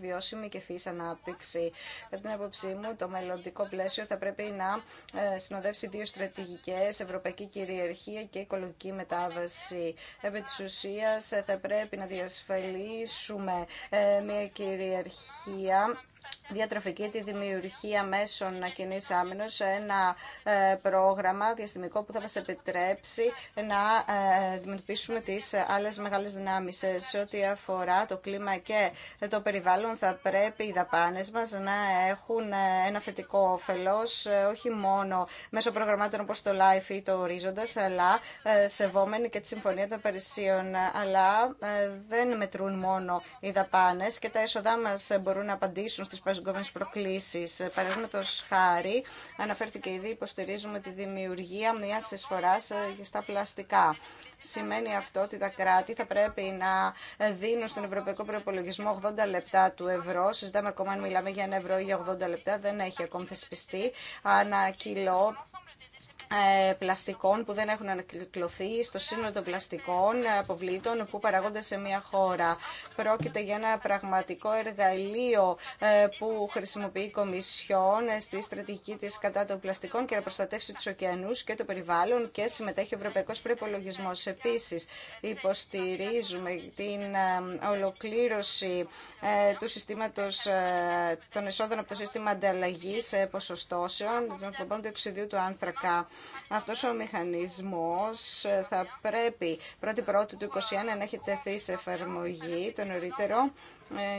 βιώσιμη και φύση ανάπτυξη. Κατά την άποψή μου, το μελλοντικό πλαίσιο θα πρέπει να ε, συνοδεύσει δύο στρατηγικές ευρωπαϊκή κυριαρχία και οικολογική μετάβαση. Επί της ουσίας θα πρέπει να διασφαλίσουμε ε, μια κυριαρχία διατροφική τη δημιουργία μέσων κοινή άμυνο, ένα ε, πρόγραμμα διαστημικό που θα μα επιτρέψει να ε, αντιμετωπίσουμε τι άλλε μεγάλες δυνάμει. Σε ό,τι αφορά το κλίμα και το περιβάλλον θα πρέπει οι δαπάνε μα να έχουν ε, ένα θετικό όφελο, όχι μόνο μέσω προγραμμάτων όπω το LIFE ή το ορίζοντα, αλλά σεβόμενοι και τη Συμφωνία των Περισσίων. Αλλά δεν μετρούν μόνο οι δαπάνες και τα έσοδά μας μπορούν να απαντήσουν τις προκλήσει. προκλήσεις. Ε, Παραδείγματο χάρη, αναφέρθηκε ήδη, υποστηρίζουμε τη δημιουργία μιας εισφοράς ε, στα πλαστικά. Σημαίνει αυτό ότι τα κράτη θα πρέπει να δίνουν στον ευρωπαϊκό προπολογισμό 80 λεπτά του ευρώ. Συζητάμε ακόμα αν μιλάμε για ένα ευρώ ή για 80 λεπτά. Δεν έχει ακόμη θεσπιστεί. Ανακυλώ ε, πλαστικών που δεν έχουν ανακυκλωθεί στο σύνολο των πλαστικών ε, αποβλήτων που παραγόνται σε μια χώρα. Πρόκειται για ένα πραγματικό εργαλείο ε, που χρησιμοποιεί η Κομισιόν στη στρατηγική της κατά των πλαστικών και να προστατεύσει τους ωκεανούς και το περιβάλλον και συμμετέχει ο Ευρωπαϊκός Προϋπολογισμός. Επίσης, υποστηρίζουμε την ολοκλήρωση του συστήματος των εσόδων από το σύστημα ανταλλαγής ποσοστώσεων των εκπομπών του άνθρακα. Αυτός ο μηχανισμός ε, θα πρέπει πρώτη πρώτη του 2021 να έχει τεθεί σε εφαρμογή το νωρίτερο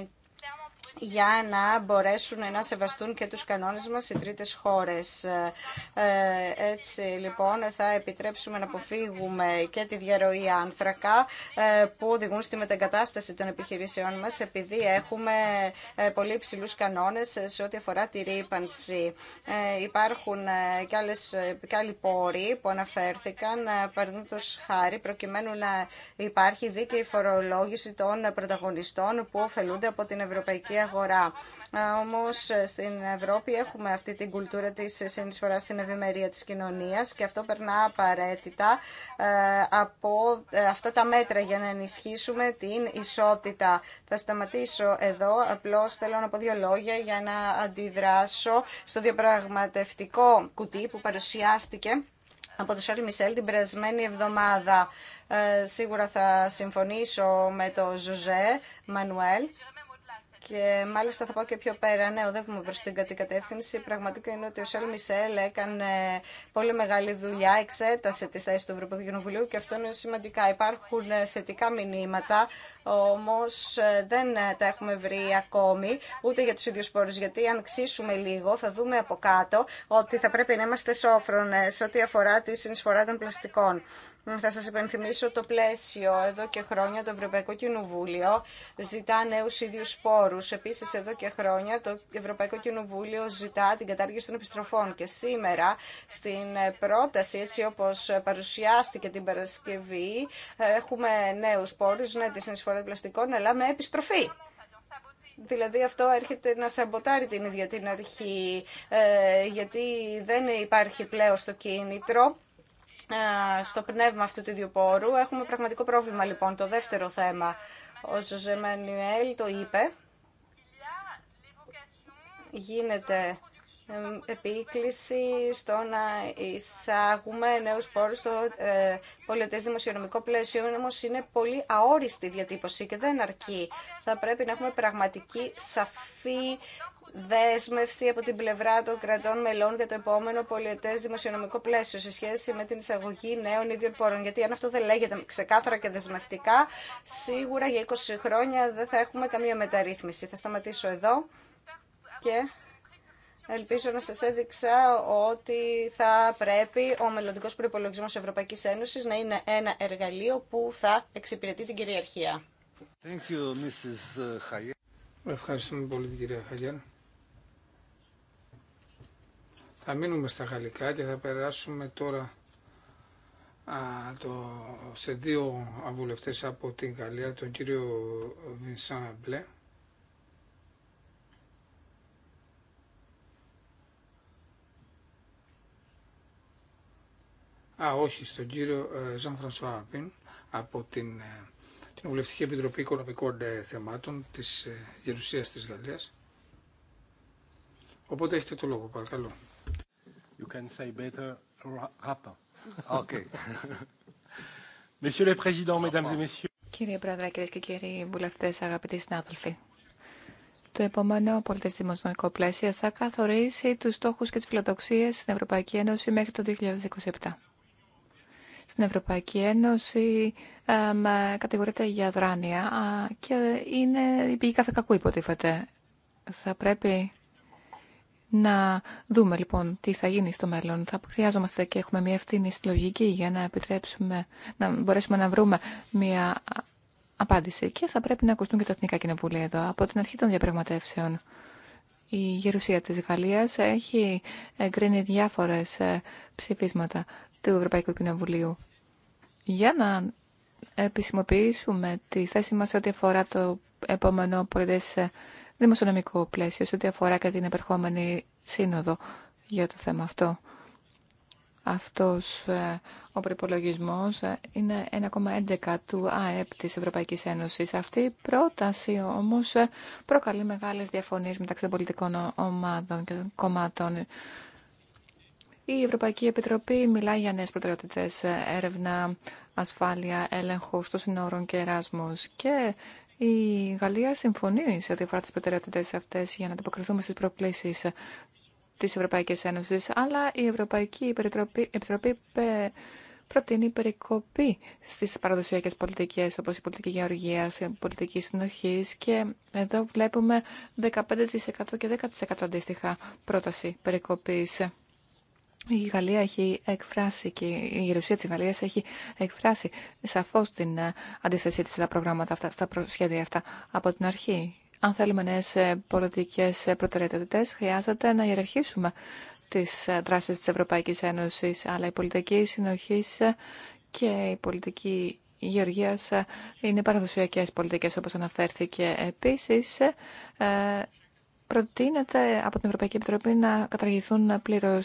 ε, για να μπορέσουν να σεβαστούν και τους κανόνες μας οι τρίτες χώρες. Ε, έτσι λοιπόν θα επιτρέψουμε να αποφύγουμε και τη διαρροή άνθρακα ε, που οδηγούν στη μεταγκατάσταση των επιχειρήσεών μας επειδή έχουμε ε, πολύ υψηλού κανόνες σε ό,τι αφορά τη ρήπανση. Υπάρχουν και, άλλες, άλλοι πόροι που αναφέρθηκαν παρνούντος χάρη προκειμένου να υπάρχει δίκαιη φορολόγηση των πρωταγωνιστών που ωφελούνται από την Ευρωπαϊκή αγορά. Όμως στην Ευρώπη έχουμε αυτή την κουλτούρα της συνεισφοράς στην ευημερία της κοινωνίας και αυτό περνά απαραίτητα ε, από ε, αυτά τα μέτρα για να ενισχύσουμε την ισότητα. Θα σταματήσω εδώ, απλώς θέλω να πω δύο λόγια για να αντιδράσω στο διαπραγματευτικό κουτί που παρουσιάστηκε από το Σόρι Μισελ την περασμένη εβδομάδα. Ε, σίγουρα θα συμφωνήσω με το Ζωζέ Μανουέλ και μάλιστα θα πάω και πιο πέρα. Ναι, οδεύουμε προ την κατεύθυνση. Πραγματικά είναι ότι ο Σέλ Μισελ έκανε πολύ μεγάλη δουλειά, εξέτασε τι θέσει του Ευρωπαϊκού Κοινοβουλίου και αυτό είναι σημαντικά. Υπάρχουν ε, θετικά μηνύματα, όμω ε, δεν ε, τα έχουμε βρει ακόμη, ούτε για του ίδιου πόρου. Γιατί αν ξύσουμε λίγο, θα δούμε από κάτω ότι θα πρέπει να είμαστε σόφρονε ό,τι αφορά τη συνεισφορά των πλαστικών. Θα σας υπενθυμίσω το πλαίσιο. Εδώ και χρόνια το Ευρωπαϊκό Κοινοβούλιο ζητά νέους ίδιους πόρους. Επίσης, εδώ και χρόνια το Ευρωπαϊκό Κοινοβούλιο ζητά την κατάργηση των επιστροφών. Και σήμερα, στην πρόταση, έτσι όπως παρουσιάστηκε την Παρασκευή, έχουμε νέους πόρους, ναι, τη συνεισφορά πλαστικών, αλλά με επιστροφή. Δηλαδή αυτό έρχεται να σαμποτάρει την ίδια την αρχή, ε, γιατί δεν υπάρχει πλέον στο κίνητρο στο πνεύμα αυτού του ιδιοπόρου. Έχουμε πραγματικό πρόβλημα λοιπόν. Το δεύτερο θέμα, ο Ζωζέ το είπε, γίνεται επίκληση στο να εισάγουμε νέους πόρους στο ε, δημοσιονομικό πλαίσιο, όμω είναι πολύ αόριστη διατύπωση και δεν αρκεί. Θα πρέπει να έχουμε πραγματική σαφή δέσμευση από την πλευρά των κρατών μελών για το επόμενο πολιετές δημοσιονομικό πλαίσιο σε σχέση με την εισαγωγή νέων ίδιων πόρων. Γιατί αν αυτό δεν λέγεται ξεκάθαρα και δεσμευτικά, σίγουρα για 20 χρόνια δεν θα έχουμε καμία μεταρρύθμιση. Θα σταματήσω εδώ και ελπίζω να σας έδειξα ότι θα πρέπει ο μελλοντικό προπολογισμό Ευρωπαϊκής Ένωσης να είναι ένα εργαλείο που θα εξυπηρετεί την κυριαρχία. Ευχαριστούμε πολύ την κυρία Χαγιάν. Θα μείνουμε στα γαλλικά και θα περάσουμε τώρα το, σε δύο αμβουλευτές από την Γαλλία, τον κύριο Βινσάν Μπλε. Α, όχι, στον κύριο Ζαν ε, Φρανσουά από την ε, Ουλευτική Επιτροπή Οικονομικών ε, Θεμάτων της Γερουσίας της Γαλλίας. Οπότε έχετε το λόγο, παρακαλώ. You can say better Okay. mesdames et messieurs. Κύριε Πρόεδρε, κυρίε και κύριοι βουλευτέ, αγαπητοί συνάδελφοι. Το επόμενο πολιτιστικό πλαίσιο θα καθορίσει του στόχου και τι φιλοδοξίε στην Ευρωπαϊκή Ένωση μέχρι το 2027. Στην Ευρωπαϊκή Ένωση κατηγορείται για δράνεια και είναι η πηγή κάθε κακού, υποτίθεται. Θα πρέπει να δούμε λοιπόν τι θα γίνει στο μέλλον. Θα χρειάζομαστε και έχουμε μια ευθύνη συλλογική για να επιτρέψουμε, να μπορέσουμε να βρούμε μια απάντηση. Και θα πρέπει να ακουστούν και τα εθνικά κοινοβούλια εδώ από την αρχή των διαπραγματεύσεων. Η γερουσία της Γαλλίας έχει εγκρίνει διάφορες ε, ψηφίσματα του Ευρωπαϊκού Κοινοβουλίου για να επισημοποιήσουμε τη θέση μας ό,τι αφορά το επόμενο πολιτές ε, δημοσιονομικό πλαίσιο σε ό,τι αφορά και την επερχόμενη σύνοδο για το θέμα αυτό. Αυτός ε, ο προπολογισμό ε, είναι 1,11 του ΑΕΠ της Ευρωπαϊκής Ένωσης. Αυτή η πρόταση όμως ε, προκαλεί μεγάλες διαφωνίες μεταξύ των πολιτικών ομάδων και κομμάτων. Η Ευρωπαϊκή Επιτροπή μιλάει για νέες προτεραιότητες έρευνα, ασφάλεια, έλεγχο των συνόρων και εράσμος και η Γαλλία συμφωνεί σε ό,τι αφορά τι προτεραιότητε αυτέ για να ανταποκριθούμε στι προκλήσει τη Ευρωπαϊκή Ένωση, αλλά η Ευρωπαϊκή Επιτροπή προτείνει περικοπή στι παραδοσιακέ πολιτικέ, όπω η πολιτική γεωργία, η πολιτική συνοχή. Και εδώ βλέπουμε 15% και 10% αντίστοιχα πρόταση περικοπή. Η Γαλλία έχει εκφράσει και η γερουσία της Γαλλίας έχει εκφράσει σαφώς την ε, αντίθεσή της στα προγράμματα αυτά, στα σχέδια αυτά από την αρχή. Αν θέλουμε νέε ε, πολιτικές ε, προτεραιότητε, χρειάζεται να ιεραρχήσουμε τι δράσει της Ευρωπαϊκής Ένωσης, αλλά η πολιτική συνοχή και η πολιτική γεωργίας είναι παραδοσιακέ πολιτικέ όπω αναφέρθηκε επίση προτείνεται από την Ευρωπαϊκή Επιτροπή να καταργηθούν πλήρω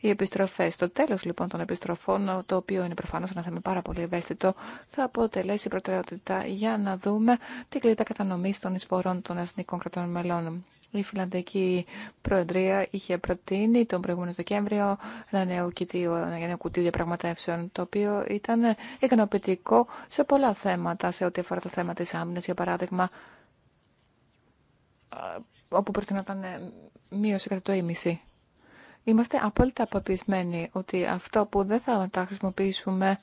οι επιστροφέ. Το τέλο λοιπόν των επιστροφών, το οποίο είναι προφανώ ένα θέμα πάρα πολύ ευαίσθητο, θα αποτελέσει προτεραιότητα για να δούμε την κλίτα κατανομή των εισφορών των εθνικών κρατών μελών. Η Φιλανδική Προεδρία είχε προτείνει τον προηγούμενο Δεκέμβριο ένα νέο κουτί, διαπραγματεύσεων, το οποίο ήταν ικανοποιητικό σε πολλά θέματα, σε ό,τι αφορά το θέμα τη άμυνα, για παράδειγμα όπου προτείνονταν ε, μείωση κατά το ίμιση. Είμαστε απόλυτα αποπισμένοι ότι αυτό που δεν θα τα χρησιμοποιήσουμε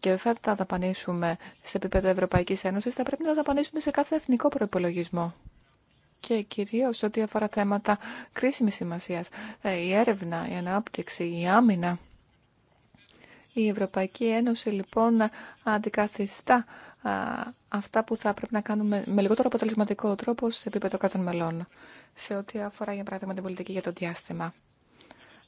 και δεν θα τα δαπανίσουμε σε επίπεδο Ευρωπαϊκής Ένωσης, θα πρέπει να τα δαπανίσουμε σε κάθε εθνικό προπολογισμό. Και κυρίως ό,τι αφορά θέματα κρίσιμης σημασία. Ε, η έρευνα, η ανάπτυξη, η άμυνα. Η Ευρωπαϊκή Ένωση λοιπόν αντικαθιστά αυτά που θα πρέπει να κάνουμε με λιγότερο αποτελεσματικό τρόπο σε επίπεδο κρατών μελών, σε ό,τι αφορά για παράδειγμα την πολιτική για το διάστημα.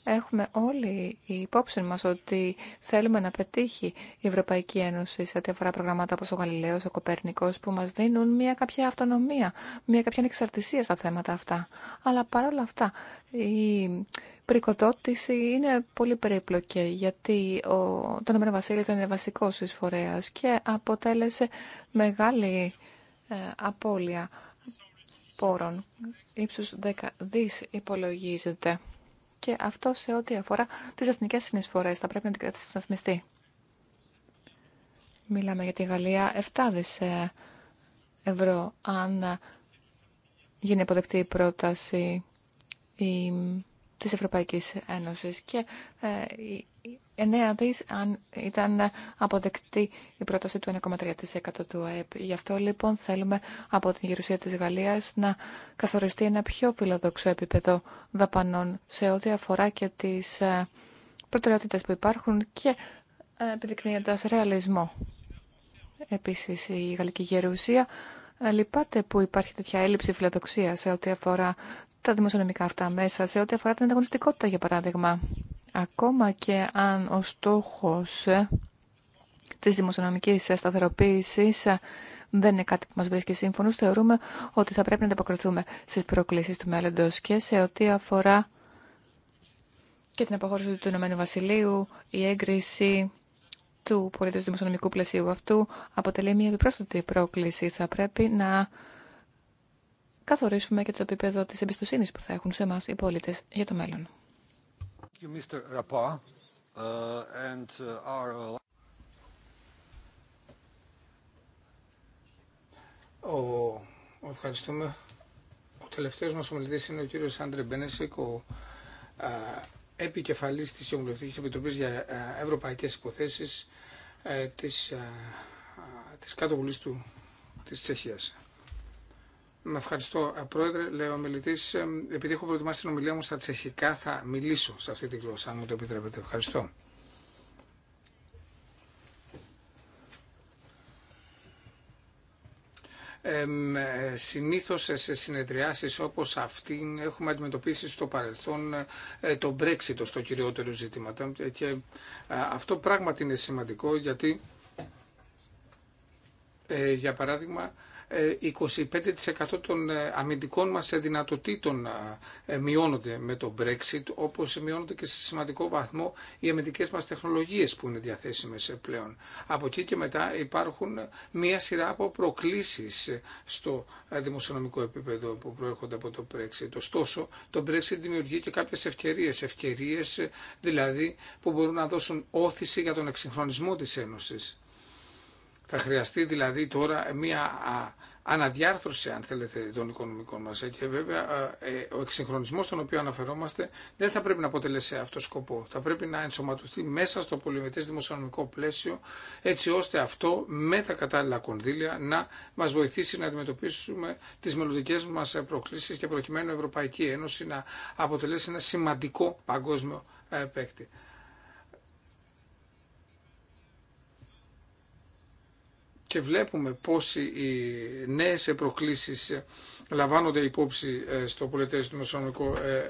Έχουμε όλοι η υπόψη μας ότι θέλουμε να πετύχει η Ευρωπαϊκή Ένωση σε ό,τι αφορά προγράμματα όπως ο Γαλιλαίος, ο Κοπέρνικος που μας δίνουν μια κάποια αυτονομία, μια κάποια ανεξαρτησία στα θέματα αυτά. Αλλά παρόλα αυτά η πρικοδότηση είναι πολύ περίπλοκη γιατί ο, το νούμερο βασίλειο ήταν βασικό εισφορέα και αποτέλεσε μεγάλη ε, απώλεια πόρων. Ύψους 10 δις υπολογίζεται. Και αυτό σε ό,τι αφορά τις εθνικές συνεισφορές θα πρέπει να την κρατήσει Μιλάμε για τη Γαλλία 7 δις ε, ευρώ αν γίνει αποδεκτή η πρόταση η της Ευρωπαϊκής Ένωσης και ε, 9 δις αν ήταν αποδεκτή η πρόταση του 1,3% του ΑΕΠ. Γι' αυτό λοιπόν θέλουμε από την γερουσία της Γαλλίας να καθοριστεί ένα πιο φιλοδόξο επίπεδο δαπανών σε ό,τι αφορά και τις ε, προτεραιότητες που υπάρχουν και ε, επιδεικνύοντας ρεαλισμό. Επίσης η γαλλική γερουσία ε, λυπάται που υπάρχει τέτοια έλλειψη φιλοδοξία σε ό,τι αφορά τα δημοσιονομικά αυτά μέσα σε ό,τι αφορά την ανταγωνιστικότητα, για παράδειγμα. Ακόμα και αν ο στόχος της δημοσιονομικής σταθεροποίησης δεν είναι κάτι που μας βρίσκει σύμφωνος, θεωρούμε ότι θα πρέπει να ανταποκριθούμε στις προκλήσεις του μέλλοντος και σε ό,τι αφορά και την αποχώρηση του Ηνωμένου Βασιλείου, η έγκριση του πολιτικού δημοσιονομικού πλαισίου αυτού αποτελεί μια επιπρόσθετη πρόκληση. Θα πρέπει να καθορίσουμε και το επίπεδο της εμπιστοσύνης που θα έχουν σε εμάς οι πολίτες για το μέλλον. Uh, uh, ευχαριστούμε. Ο τελευταίος μας ομιλητής είναι ο κύριος Άντρε Μπένεσικ, ο ε, επικεφαλής της Κοινοβουλευτικής Επιτροπής για ε, Ευρωπαϊκές Υποθέσεις ε, της, της κάτω βουλής του της Τσεχίας. Με ευχαριστώ, ε, Πρόεδρε. Λέω μιλητή. Ε, επειδή έχω προετοιμάσει την ομιλία μου στα τσεχικά, θα μιλήσω σε αυτή τη γλώσσα, αν μου το επιτρέπετε. Ευχαριστώ. Ε, συνήθως σε συνεδριάσεις όπως αυτήν έχουμε αντιμετωπίσει στο παρελθόν ε, το Brexit ως το κυριότερο ζήτημα και αυτό πράγματι είναι σημαντικό γιατί για παράδειγμα 25% ε, των ε, αμυντικών μας ε, δυνατοτήτων μειώνονται με το Brexit, όπως μειώνονται και σε σημαντικό βαθμό οι αμυντικές μας τεχνολογίες που είναι διαθέσιμες πλέον. Από εκεί και μετά υπάρχουν μία σειρά από προκλήσεις στο δημοσιονομικό επίπεδο που προέρχονται από το Brexit. Ωστόσο, το Brexit δημιουργεί και κάποιες ευκαιρίες, ευκαιρίες δηλαδή που μπορούν να δώσουν όθηση για τον εξυγχρονισμό της Ένωσης θα χρειαστεί δηλαδή τώρα μια αναδιάρθρωση, αν θέλετε, των οικονομικών μας. Ε, και βέβαια ε, ο εξυγχρονισμός στον οποίο αναφερόμαστε δεν θα πρέπει να αποτελέσει αυτό σκοπό. Θα πρέπει να ενσωματωθεί μέσα στο πολυμετές δημοσιονομικό πλαίσιο, έτσι ώστε αυτό με τα κατάλληλα κονδύλια να μας βοηθήσει να αντιμετωπίσουμε τις μελλοντικέ μας προκλήσεις και προκειμένου η Ευρωπαϊκή Ένωση να αποτελέσει ένα σημαντικό παγκόσμιο ε, παίκτη. και βλέπουμε πώς οι νέες προκλήσεις λαμβάνονται υπόψη ε, στο πολιτές του νοσονομικού ε,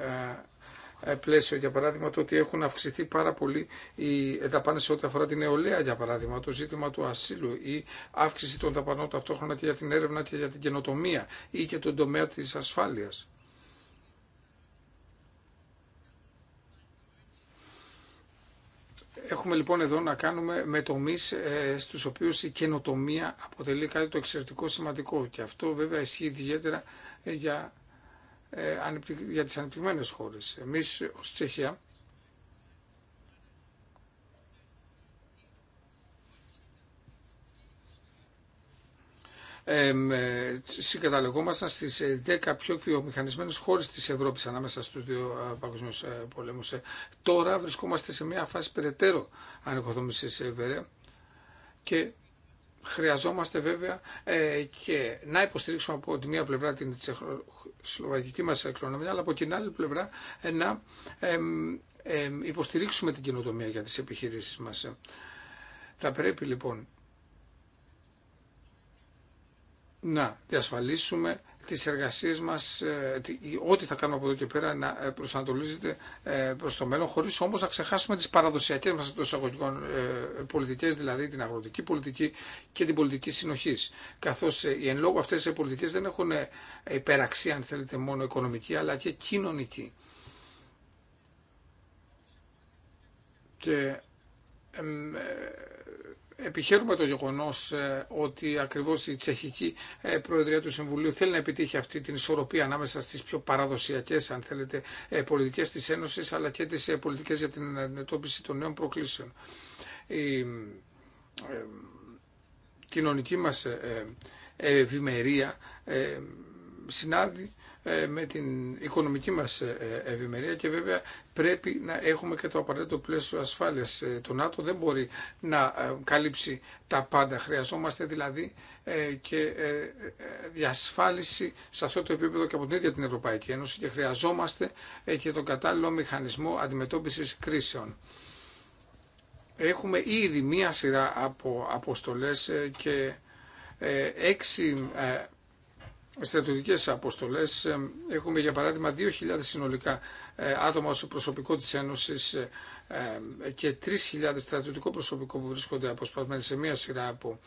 ε, πλαίσιο. Για παράδειγμα, το ότι έχουν αυξηθεί πάρα πολύ οι δαπάνε σε ό,τι αφορά την νεολαία, για παράδειγμα, το ζήτημα του ασύλου, η αύξηση των δαπανών ταυτόχρονα και για την έρευνα και για την καινοτομία ή και τον τομέα της ασφάλειας. Έχουμε λοιπόν εδώ να κάνουμε με τομεί ε, στους οποίους η καινοτομία αποτελεί κάτι το εξαιρετικό σημαντικό και αυτό βέβαια ισχύει ιδιαίτερα ε, για, ε, για τις ανεπτυγμένες χώρες. Εμείς ως Τσεχία Ε, συγκαταλεγόμασταν στις 10 ε, πιο βιομηχανισμένες χώρες της Ευρώπης ανάμεσα στους δύο ε, παγκοσμίους πολέμους. Τώρα βρισκόμαστε σε μια φάση περαιτέρω ανοικοδόμησης βέβαια και χρειαζόμαστε βέβαια και να υποστηρίξουμε από τη μία πλευρά την σλοβακική μας οικονομία αλλά από την άλλη πλευρά να υποστηρίξουμε την κοινοτομία για τις επιχειρήσεις μας. Θα πρέπει λοιπόν να διασφαλίσουμε τις εργασίες μας, ε, ό,τι θα κάνουμε από εδώ και πέρα να ε, προσανατολίζεται ε, προς το μέλλον, χωρίς όμως να ξεχάσουμε τις παραδοσιακές μας πολιτικέ, πολιτικές, δηλαδή την αγροτική πολιτική και την πολιτική συνοχής. Καθώς οι εν λόγω αυτές οι πολιτικές δεν έχουν υπεραξία, αν θέλετε, μόνο οικονομική, αλλά και κοινωνική. Και επιχαίρουμε το γεγονός ε, ότι ακριβώς η τσεχική ε, Προεδρία του Συμβουλίου θέλει να επιτύχει αυτή την ισορροπία ανάμεσα στις πιο παραδοσιακές, αν θέλετε, ε, πολιτικές της Ένωσης, αλλά και τις πολιτικές για την αντιμετώπιση των νέων προκλήσεων. Η κοινωνική μας ευημερία συνάδει ε, με την οικονομική μας ε, ε, ευημερία και βέβαια πρέπει να έχουμε και το απαραίτητο πλαίσιο ασφάλειας. Το ΝΑΤΟ δεν μπορεί να καλύψει τα πάντα. Χρειαζόμαστε δηλαδή και διασφάλιση σε αυτό το επίπεδο και από την ίδια την Ευρωπαϊκή Ένωση και χρειαζόμαστε και τον κατάλληλο μηχανισμό αντιμετώπισης κρίσεων. Έχουμε ήδη μία σειρά από αποστολές και έξι στρατιωτικέ αποστολέ ε, Έχουμε για παράδειγμα 2.000 συνολικά ε, άτομα στο προσωπικό της Ένωσης ε, και 3.000 στρατιωτικό προσωπικό που βρίσκονται αποσπασμένοι σε μία σειρά από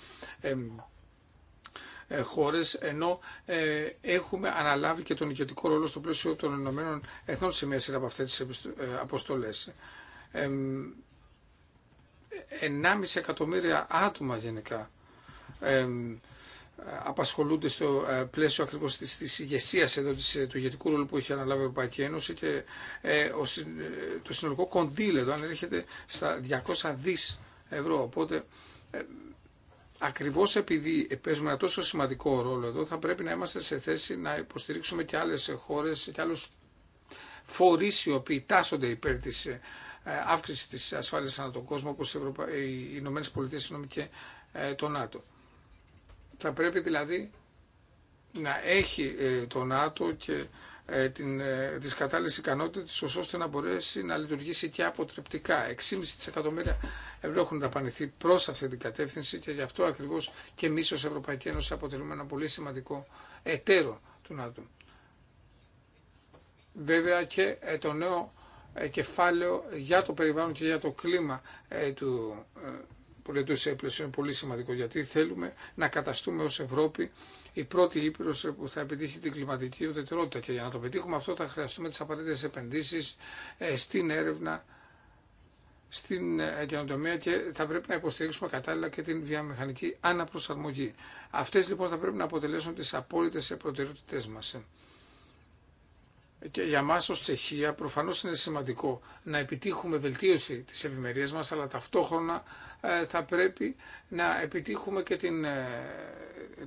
χώρες, ενώ έχουμε αναλάβει και τον ηγετικό ρόλο στο πλαίσιο των Ηνωμένων Εθνών σε μία σειρά από αυτές τις αποστολές. 1,5 εκατομμύρια άτομα γενικά απασχολούνται στο ε, πλαίσιο ακριβώ τη ηγεσία εδώ ε, του ηγετικού ρόλου που έχει αναλάβει η Ευρωπαϊκή Ένωση και ε, το συνολικό κονδύλ εδώ ανέρχεται στα 200 δι ευρώ. Οπότε ακριβώς επειδή παίζουμε ένα τόσο σημαντικό ρόλο εδώ, θα πρέπει να είμαστε σε θέση να υποστηρίξουμε και άλλες χώρε και άλλους φορείς οι οποίοι τάσσονται υπέρ της αύξηση τη ασφάλεια ανά τον κόσμο, όπω οι ΗΠΑ και το ΝΑΤΟ. Θα πρέπει δηλαδή να έχει ε, το ΝΑΤΟ και ε, την, ε, τις κατάλληλες ικανότητες ώστε να μπορέσει να λειτουργήσει και αποτρεπτικά. 6,5 δισεκατομμύρια ευρώ έχουν ταπανηθεί προς αυτή την κατεύθυνση και γι' αυτό ακριβώς και εμείς ως Ευρωπαϊκή Ένωση αποτελούμε ένα πολύ σημαντικό εταίρο του ΝΑΤΟ. Βέβαια και το νέο κεφάλαιο για το περιβάλλον και για το κλίμα του πολιτού είναι πολύ σημαντικό γιατί θέλουμε να καταστούμε ως Ευρώπη η πρώτη ήπειρος που θα επιτύχει την κλιματική ουδετερότητα και για να το πετύχουμε αυτό θα χρειαστούμε τις απαραίτητες επενδύσεις ε, στην έρευνα, στην ε, καινοτομία και θα πρέπει να υποστηρίξουμε κατάλληλα και την βιομηχανική αναπροσαρμογή. Αυτές λοιπόν θα πρέπει να αποτελέσουν τις απόλυτες προτεραιότητές μας. Και για μας ως Τσεχία προφανώς είναι σημαντικό να επιτύχουμε βελτίωση της ευημερία μας, αλλά ταυτόχρονα ε, θα πρέπει να επιτύχουμε και την ε,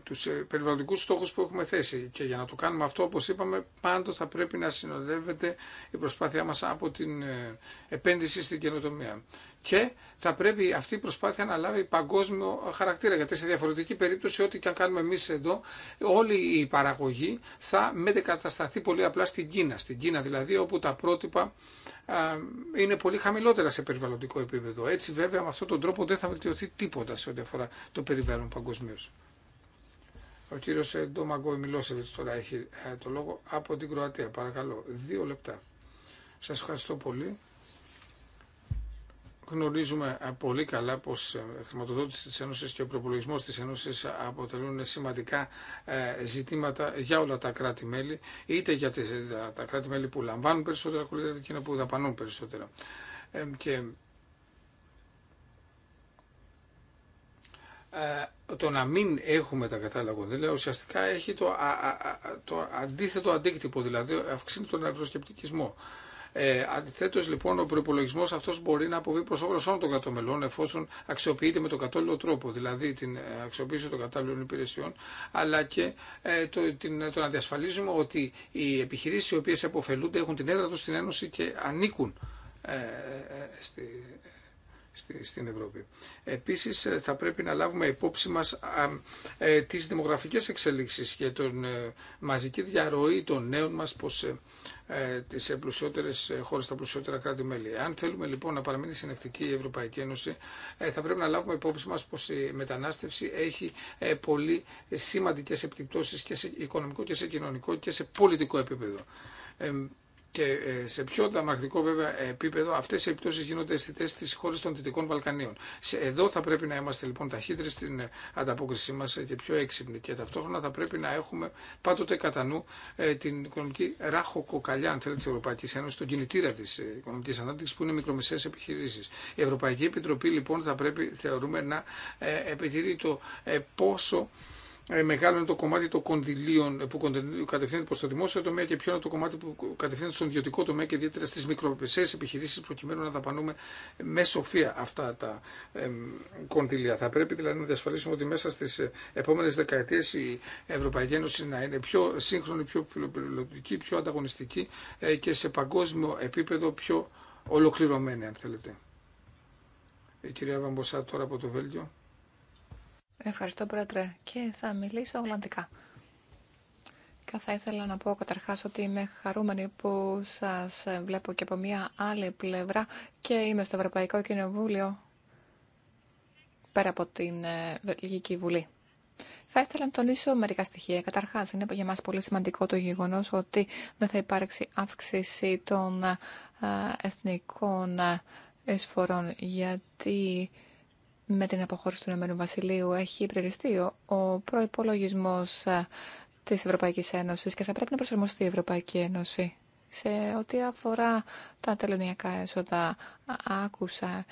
τους ε, περιβαλλοντικούς στόχους που έχουμε θέσει. Και για να το κάνουμε αυτό, όπως είπαμε, πάντο θα πρέπει να συνοδεύεται η προσπάθειά μας από την ε, επένδυση στην καινοτομία. Και θα πρέπει αυτή η προσπάθεια να λάβει παγκόσμιο χαρακτήρα, γιατί σε διαφορετική περίπτωση ό,τι και αν κάνουμε εμείς εδώ, όλη η παραγωγή θα μετεκατασταθεί πολύ απλά στην Κίνα. Στην Κίνα δηλαδή, όπου τα πρότυπα είναι πολύ χαμηλότερα σε περιβαλλοντικό επίπεδο. Έτσι βέβαια με αυτόν τον τρόπο δεν θα βελτιωθεί τίποτα σε ό,τι αφορά το περιβάλλον παγκοσμίω. Ο κύριο ε, Ντόμαγκο μιλώσευε, τώρα έχει ε, το λόγο από την Κροατία. Παρακαλώ, δύο λεπτά. Σας ευχαριστώ πολύ. Γνωρίζουμε ε, πολύ καλά πως η χρηματοδότηση τη Ένωση και ο προπολογισμό τη Ένωση αποτελούν σημαντικά ζητήματα για όλα τα κράτη-μέλη, είτε για τα κράτη-μέλη που λαμβάνουν περισσότερα κρατη και που δαπανούν περισσότερα. Και Ε, το να μην έχουμε τα κατάλληλα κονδύλια ουσιαστικά έχει το, το αντίθετο αντίκτυπο, δηλαδή αυξήνει τον ευρωσκεπτικισμό. Ε, Αντιθέτω, λοιπόν, ο προπολογισμό αυτό μπορεί να αποβεί προ όφελο όλων των κρατομελών εφόσον αξιοποιείται με τον κατάλληλο τρόπο, δηλαδή την ε, αξιοποίηση των κατάλληλων υπηρεσιών, αλλά και ε, το, την, το να διασφαλίζουμε ότι οι επιχειρήσει οι οποίε αποφελούνται έχουν την έδρα του στην Ένωση και ανήκουν ε, στη, στην Ευρώπη. Επίσης ε, θα πρέπει να λάβουμε υπόψη μας ε, τις δημογραφικές εξελίξεις και την ε, μαζική διαρροή των νέων μας πως τις πλουσιότερες χώρες τα πλουσιότερα κράτη-μέλη. Αν θέλουμε λοιπόν να παραμείνει συνεκτική η Ευρωπαϊκή Ένωση θα πρέπει να λάβουμε υπόψη μας πως η μετανάστευση έχει πολύ σημαντικές επιπτώσεις και σε οικονομικό και σε κοινωνικό και σε πολιτικό επίπεδο. Και ε, σε πιο ταμακτικό βέβαια επίπεδο αυτές οι επιπτώσεις γίνονται αισθητέ στις χώρες των Δυτικών Βαλκανίων. Εδώ θα πρέπει να είμαστε λοιπόν ταχύτεροι στην ε, ανταπόκρισή μας ε, και πιο έξυπνοι και ταυτόχρονα θα πρέπει να έχουμε πάντοτε κατά νου την οικονομική ράχο κοκαλιά αν θέλετε της Ευρωπαϊκής Ένωσης, τον κινητήρα της οικονομικής ανάπτυξης που είναι μικρομεσαίες επιχειρήσεις. Η Ευρωπαϊκή Επιτροπή λοιπόν θα πρέπει θεωρούμε να επιτηρεί το πόσο ε, μεγάλο είναι το κομμάτι των κονδυλίων ε, που κατευθύνεται προ το δημόσιο τομέα και ποιο είναι το κομμάτι που κατευθύνεται στον ιδιωτικό τομέα και ιδιαίτερα στι μικροπεσαίε επιχειρήσει προκειμένου να δαπανούμε με σοφία αυτά τα κονδυλία. Θα πρέπει δηλαδή να διασφαλίσουμε ότι μέσα στι ε, επόμενε δεκαετίε η Ευρωπαϊκή Ένωση να είναι πιο σύγχρονη, πιο φιλοπιλωτική, πιο ανταγωνιστική και σε παγκόσμιο επίπεδο πιο ολοκληρωμένη αν θέλετε. Η κυρία Βαμποσά τώρα από το Βέλγιο. Ευχαριστώ, Πρόεδρε. Και θα μιλήσω Ολλανδικά. Και θα ήθελα να πω καταρχάς ότι είμαι χαρούμενη που σας βλέπω και από μια άλλη πλευρά και είμαι στο Ευρωπαϊκό Κοινοβούλιο πέρα από την ε, Βελγική Βουλή. Θα ήθελα να τονίσω μερικά στοιχεία. Καταρχά, είναι για μα πολύ σημαντικό το γεγονό ότι δεν θα υπάρξει αύξηση των ε, εθνικών εσφορών γιατί με την αποχώρηση του Ηνωμένου Βασιλείου έχει περιοριστεί ο προπολογισμό ε, τη Ευρωπαϊκή Ένωση και θα πρέπει να προσαρμοστεί η Ευρωπαϊκή Ένωση. Σε ό,τι αφορά τα τελωνιακά έσοδα, άκουσα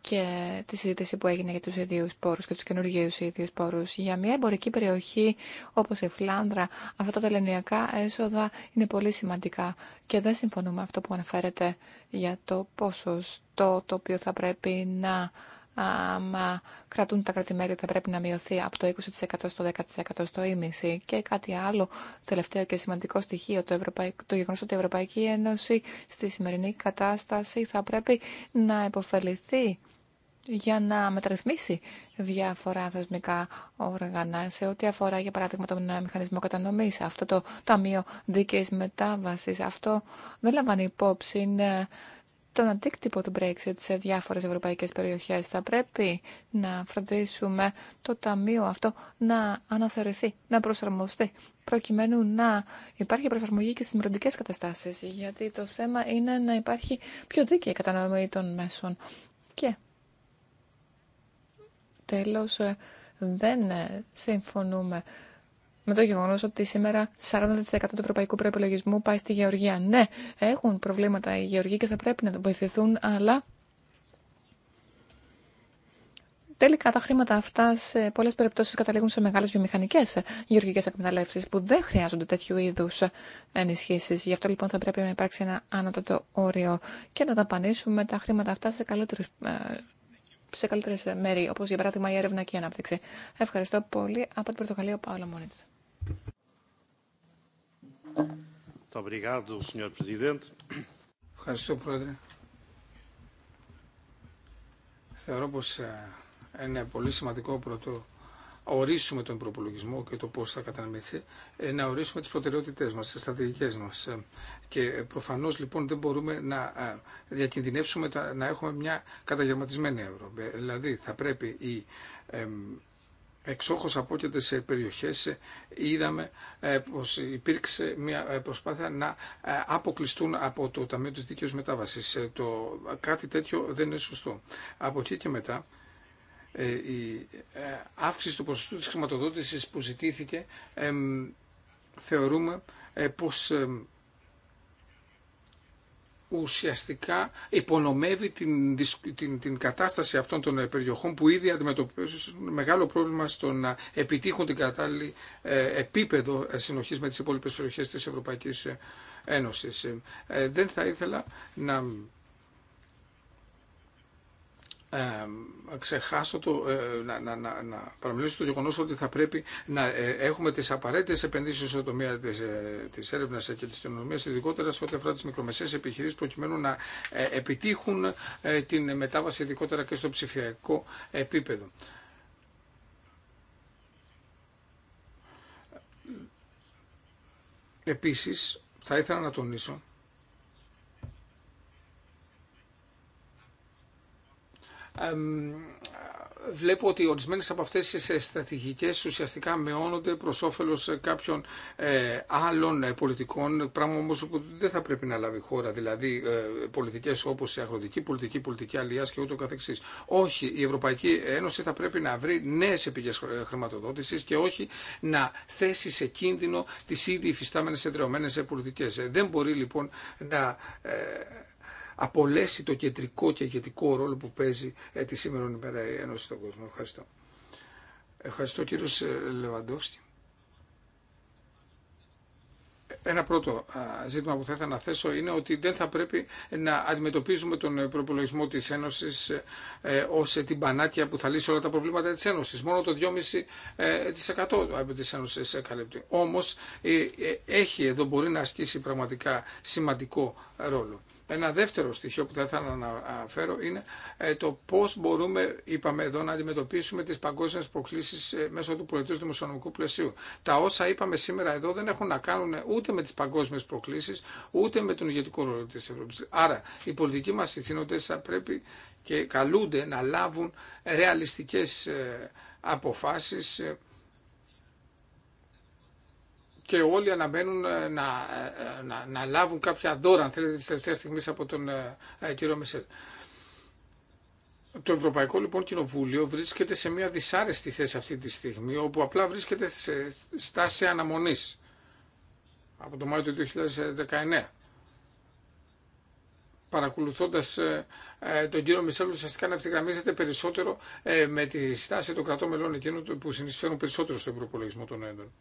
και τη συζήτηση που έγινε για τους ιδίους πόρους και τους καινούργιους ιδίους πόρους. Για μια εμπορική περιοχή όπως η Φλάνδρα, αυτά τα τελωνιακά έσοδα είναι πολύ σημαντικά και δεν συμφωνούμε αυτό που αναφέρεται για το ποσοστό το οποίο θα πρέπει να άμα κρατούν τα κρατημέρια θα πρέπει να μειωθεί από το 20% στο 10% στο ίμιση και κάτι άλλο τελευταίο και σημαντικό στοιχείο το, Ευρωπαϊ... το γεγονός ότι η Ευρωπαϊκή Ένωση στη σημερινή κατάσταση θα πρέπει να επωφεληθεί για να μεταρρυθμίσει διάφορα θεσμικά όργανα σε ό,τι αφορά για παράδειγμα τον μηχανισμό κατανομής, αυτό το Ταμείο Δίκαιης Μετάβασης. Αυτό δεν λαμβάνει υπόψη ε, τον αντίκτυπο του Brexit σε διάφορες ευρωπαϊκές περιοχές. Θα πρέπει να φροντίσουμε το ταμείο αυτό να αναθεωρηθεί, να προσαρμοστεί, προκειμένου να υπάρχει προσαρμογή και στις μελλοντικές καταστάσεις, γιατί το θέμα είναι να υπάρχει πιο δίκαιη κατανομή των μέσων. Και τέλος ε, δεν ε, συμφωνούμε με το γεγονό ότι σήμερα 40% του ευρωπαϊκού προπολογισμού πάει στη γεωργία. Ναι, έχουν προβλήματα οι γεωργοί και θα πρέπει να βοηθηθούν, αλλά Τελικά τα χρήματα αυτά σε πολλέ περιπτώσει καταλήγουν σε μεγάλε βιομηχανικέ ε, γεωργικέ εκμεταλλεύσει που δεν χρειάζονται τέτοιου είδου ενισχύσει. Γι' αυτό λοιπόν θα πρέπει να υπάρξει ένα άνωτατο όριο και να δαπανίσουμε τα χρήματα αυτά σε καλύτερου ε, σε καλύτερε μέρη, όπω για παράδειγμα η έρευνα και η ανάπτυξη. Ευχαριστώ πολύ. Από την Πορτογαλία, ο Παύλο Ευχαριστώ, Πρόεδρε. Θεωρώ πως ε, είναι πολύ σημαντικό πρωτό ορίσουμε τον προπολογισμό και το πώς θα καταναμηθεί, ε, να ορίσουμε τις προτεραιότητές μας, τις στρατηγικές μας. Ε. Και προφανώς λοιπόν δεν μπορούμε να διακινδυνεύσουμε να έχουμε μια καταγερματισμένη Ευρώπη. Δηλαδή θα πρέπει η εξόχως σε περιοχές ε, είδαμε ε, πως υπήρξε μια ε, προσπάθεια να αποκλειστούν από το Ταμείο της Δίκαιος Μετάβασης. Το, κάτι τέτοιο δεν είναι σωστό. Από εκεί και μετά η αύξηση του ποσοστού της χρηματοδότησης που ζητήθηκε θεωρούμε πως ουσιαστικά υπονομεύει την, την, την κατάσταση αυτών των ε, περιοχών που ήδη αντιμετωπίζουν μεγάλο πρόβλημα στο να επιτύχουν την κατάλληλη ε, επίπεδο ε, συνοχής με τις υπόλοιπες περιοχές της Ευρωπαϊκής Ένωσης. δεν θα ήθελα να ε, ξεχάσω το, ε, να, να, να, να παραμιλήσω το γεγονός ότι θα πρέπει να ε, έχουμε τις απαραίτητες επενδύσεις στο τομέα της, της έρευνας και της τεχνολογίας, ειδικότερα σε ό,τι αφορά τις μικρομεσαίες επιχειρήσεις, προκειμένου να επιτύχουν την μετάβαση ειδικότερα και στο ψηφιακό επίπεδο. Επίσης, θα ήθελα να τονίσω βλέπω ότι ορισμένες από αυτές τις ε, στρατηγικές ουσιαστικά μεώνονται προς όφελος ε, κάποιων ε, άλλων πολιτικών, πράγμα όμως που δεν θα πρέπει να λάβει χώρα, δηλαδή πολιτικές όπως η αγροτική πολιτική, πολιτική αλλιάς και ούτω καθεξής. Όχι, η Ευρωπαϊκή Ένωση θα πρέπει να βρει νέες επίγες χρηματοδότησης και όχι να θέσει σε κίνδυνο τις ήδη υφιστάμενες εντρεωμένες πολιτικές. Δεν μπορεί λοιπόν να απολέσει το κεντρικό και ηγετικό ρόλο που παίζει ε, τη σήμερα η Ένωση στον κόσμο. Ευχαριστώ. Ευχαριστώ κύριο ε, Λεβαντόφσκι. Ένα πρώτο ζήτημα που θα ήθελα να θέσω είναι ότι δεν θα πρέπει να αντιμετωπίζουμε τον ε, προπολογισμό της Ένωσης ως την πανάκια που θα λύσει όλα τα προβλήματα της Ένωσης. Μόνο το 2,5% από της Ένωσης καλύπτει. Όμως έχει εδώ μπορεί να ασκήσει πραγματικά σημαντικό ρόλο. Ένα δεύτερο στοιχείο που θα ήθελα να αναφέρω είναι ε, το πώς μπορούμε, είπαμε εδώ, να αντιμετωπίσουμε τις παγκόσμιες προκλήσεις ε, μέσω του πολιτικού δημοσιονομικού πλαισίου. Τα όσα είπαμε σήμερα εδώ δεν έχουν να κάνουν ούτε με τις παγκόσμιες προκλήσεις, ούτε με τον ηγετικό ρόλο της Ευρώπης. Άρα, οι πολιτικοί μας ηθήνοντε θα πρέπει και καλούνται να λάβουν ρεαλιστικέ ε, αποφάσεις και όλοι αναμένουν ε, να, ε, ε, να, να λάβουν κάποια δώρα, αν θέλετε, τη τελευταία στιγμή από τον κύριο Μισελ. Το Ευρωπαϊκό λοιπόν Κοινοβούλιο βρίσκεται σε μια δυσάρεστη θέση αυτή τη στιγμή, όπου απλά βρίσκεται σε στάση αναμονής από το Μάιο του 2019 παρακολουθώντα τον κύριο Μισελ, ουσιαστικά να ευθυγραμμίζεται περισσότερο με τη στάση των κρατών μελών εκείνων που συνεισφέρουν περισσότερο στον προπολογισμό των έντων.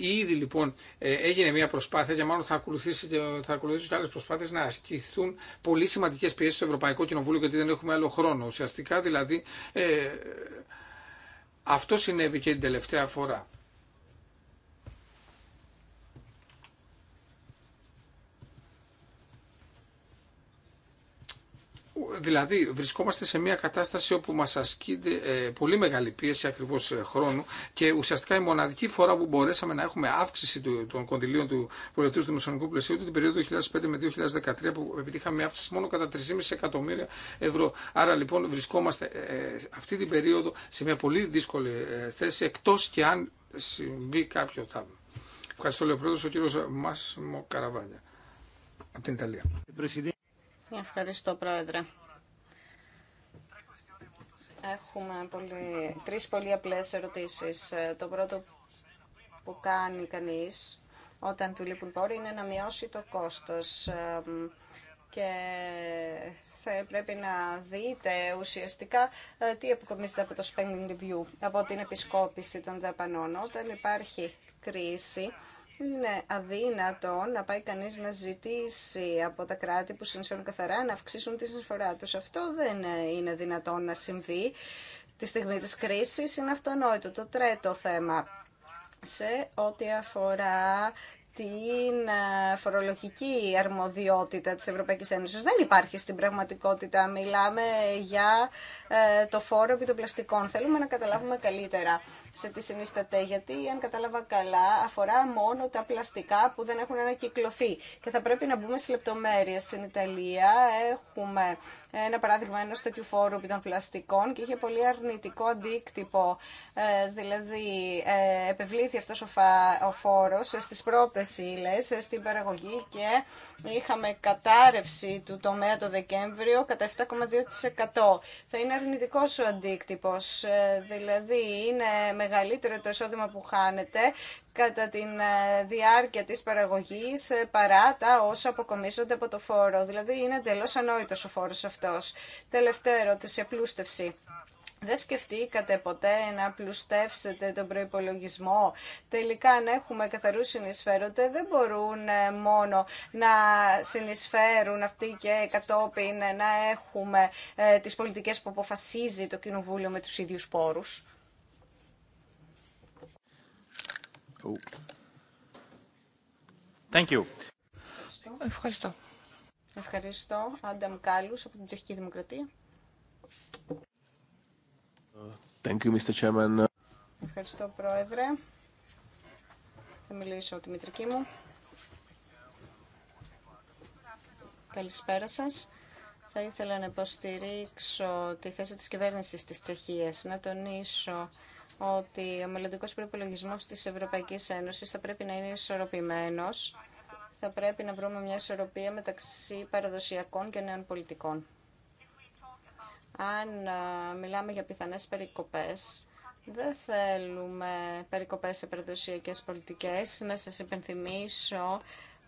Ήδη λοιπόν ε, έγινε μια προσπάθεια και μάλλον θα, ακολουθήσει, θα ακολουθήσουν και άλλε προσπάθειε να ασκηθούν πολύ σημαντικέ πιέσει στο Ευρωπαϊκό Κοινοβούλιο γιατί δεν έχουμε άλλο χρόνο. Ουσιαστικά δηλαδή ε, αυτό συνέβη και την τελευταία φορά. Δηλαδή βρισκόμαστε σε μια κατάσταση όπου μας ασκείται ε, πολύ μεγάλη πίεση ακριβώς ε, χρόνου και ουσιαστικά η μοναδική φορά που μπορέσαμε να έχουμε αύξηση των κοντιλίων του προεδρικού του δημοσιονομικού πλαισίου ήταν την περίοδο 2005 με 2013 που επιτύχαμε αύξηση μόνο κατά 3,5 εκατομμύρια ευρώ. Άρα λοιπόν βρισκόμαστε ε, αυτή την περίοδο σε μια πολύ δύσκολη θέση εκτός και αν συμβεί κάποιο θαύμα. Ευχαριστώ, λέει ο πρόεδρος, ο κύριος Μάσιμο Καραβάνια από την Ιταλία. Ευχαριστώ, πρόεδρε. Έχουμε πολύ, τρεις πολύ απλές ερωτήσεις. Ε, το πρώτο που κάνει κανείς όταν του λείπουν πόροι είναι να μειώσει το κόστος ε, και θα πρέπει να δείτε ουσιαστικά ε, τι αποκομίζεται από το spending review, από την επισκόπηση των δαπανών. Όταν υπάρχει κρίση, είναι αδύνατο να πάει κανείς να ζητήσει από τα κράτη που συνεισφέρουν καθαρά να αυξήσουν τη συνεισφορά τους. Αυτό δεν είναι δυνατόν να συμβεί. Τη στιγμή της κρίσης είναι αυτονόητο. Το τρίτο θέμα σε ό,τι αφορά την ε, φορολογική αρμοδιότητα της Ευρωπαϊκής Ένωσης. Δεν υπάρχει στην πραγματικότητα. Μιλάμε για ε, το φόρο επί των πλαστικών. Θέλουμε να καταλάβουμε καλύτερα σε τι συνιστατέ, γιατί αν κατάλαβα καλά αφορά μόνο τα πλαστικά που δεν έχουν ανακυκλωθεί και θα πρέπει να μπούμε σε λεπτομέρειες. Στην Ιταλία έχουμε ένα παράδειγμα ενός τέτοιου φόρου επί πλαστικών και είχε πολύ αρνητικό αντίκτυπο. Ε, δηλαδή, ε, επευλήθη αυτός ο, ο φόρος στις πρώτες ύλες, ε, στην παραγωγή και είχαμε κατάρρευση του τομέα το Δεκέμβριο κατά 7,2%. Θα είναι αρνητικό ο αντίκτυπος. Ε, δηλαδή, είναι μεγαλύτερο το εισόδημα που χάνεται κατά τη ε, διάρκεια της παραγωγής ε, παρά τα όσα αποκομίζονται από το φόρο. Δηλαδή είναι εντελώ ανόητος ο φόρος αυτός. Τελευταία ερώτηση, απλούστευση. Δεν σκεφτήκατε ποτέ να πλουστεύσετε τον προϋπολογισμό. Τελικά αν έχουμε καθαρούς συνεισφέροντες, δεν μπορούν ε, μόνο να συνεισφέρουν αυτοί και κατόπιν να έχουμε τις πολιτικές που αποφασίζει το Κοινοβούλιο με τους ίδιους πόρους. Oh. Ευχαριστώ. Ευχαριστώ. Άνταμ Κάλους από την Τσεχική Δημοκρατία. Ευχαριστώ, Πρόεδρε. Θα μιλήσω τη μητρική μου. Καλησπέρα σας. Θα ήθελα να υποστηρίξω τη θέση της κυβέρνησης της Τσεχίας, να τονίσω ότι ο μελλοντικό προπολογισμό τη Ευρωπαϊκή Ένωση θα πρέπει να είναι ισορροπημένο. Θα πρέπει να βρούμε μια ισορροπία μεταξύ παραδοσιακών και νέων πολιτικών. Αν μιλάμε για πιθανές περικοπές, δεν θέλουμε περικοπές σε παραδοσιακές πολιτικές. Να σας υπενθυμίσω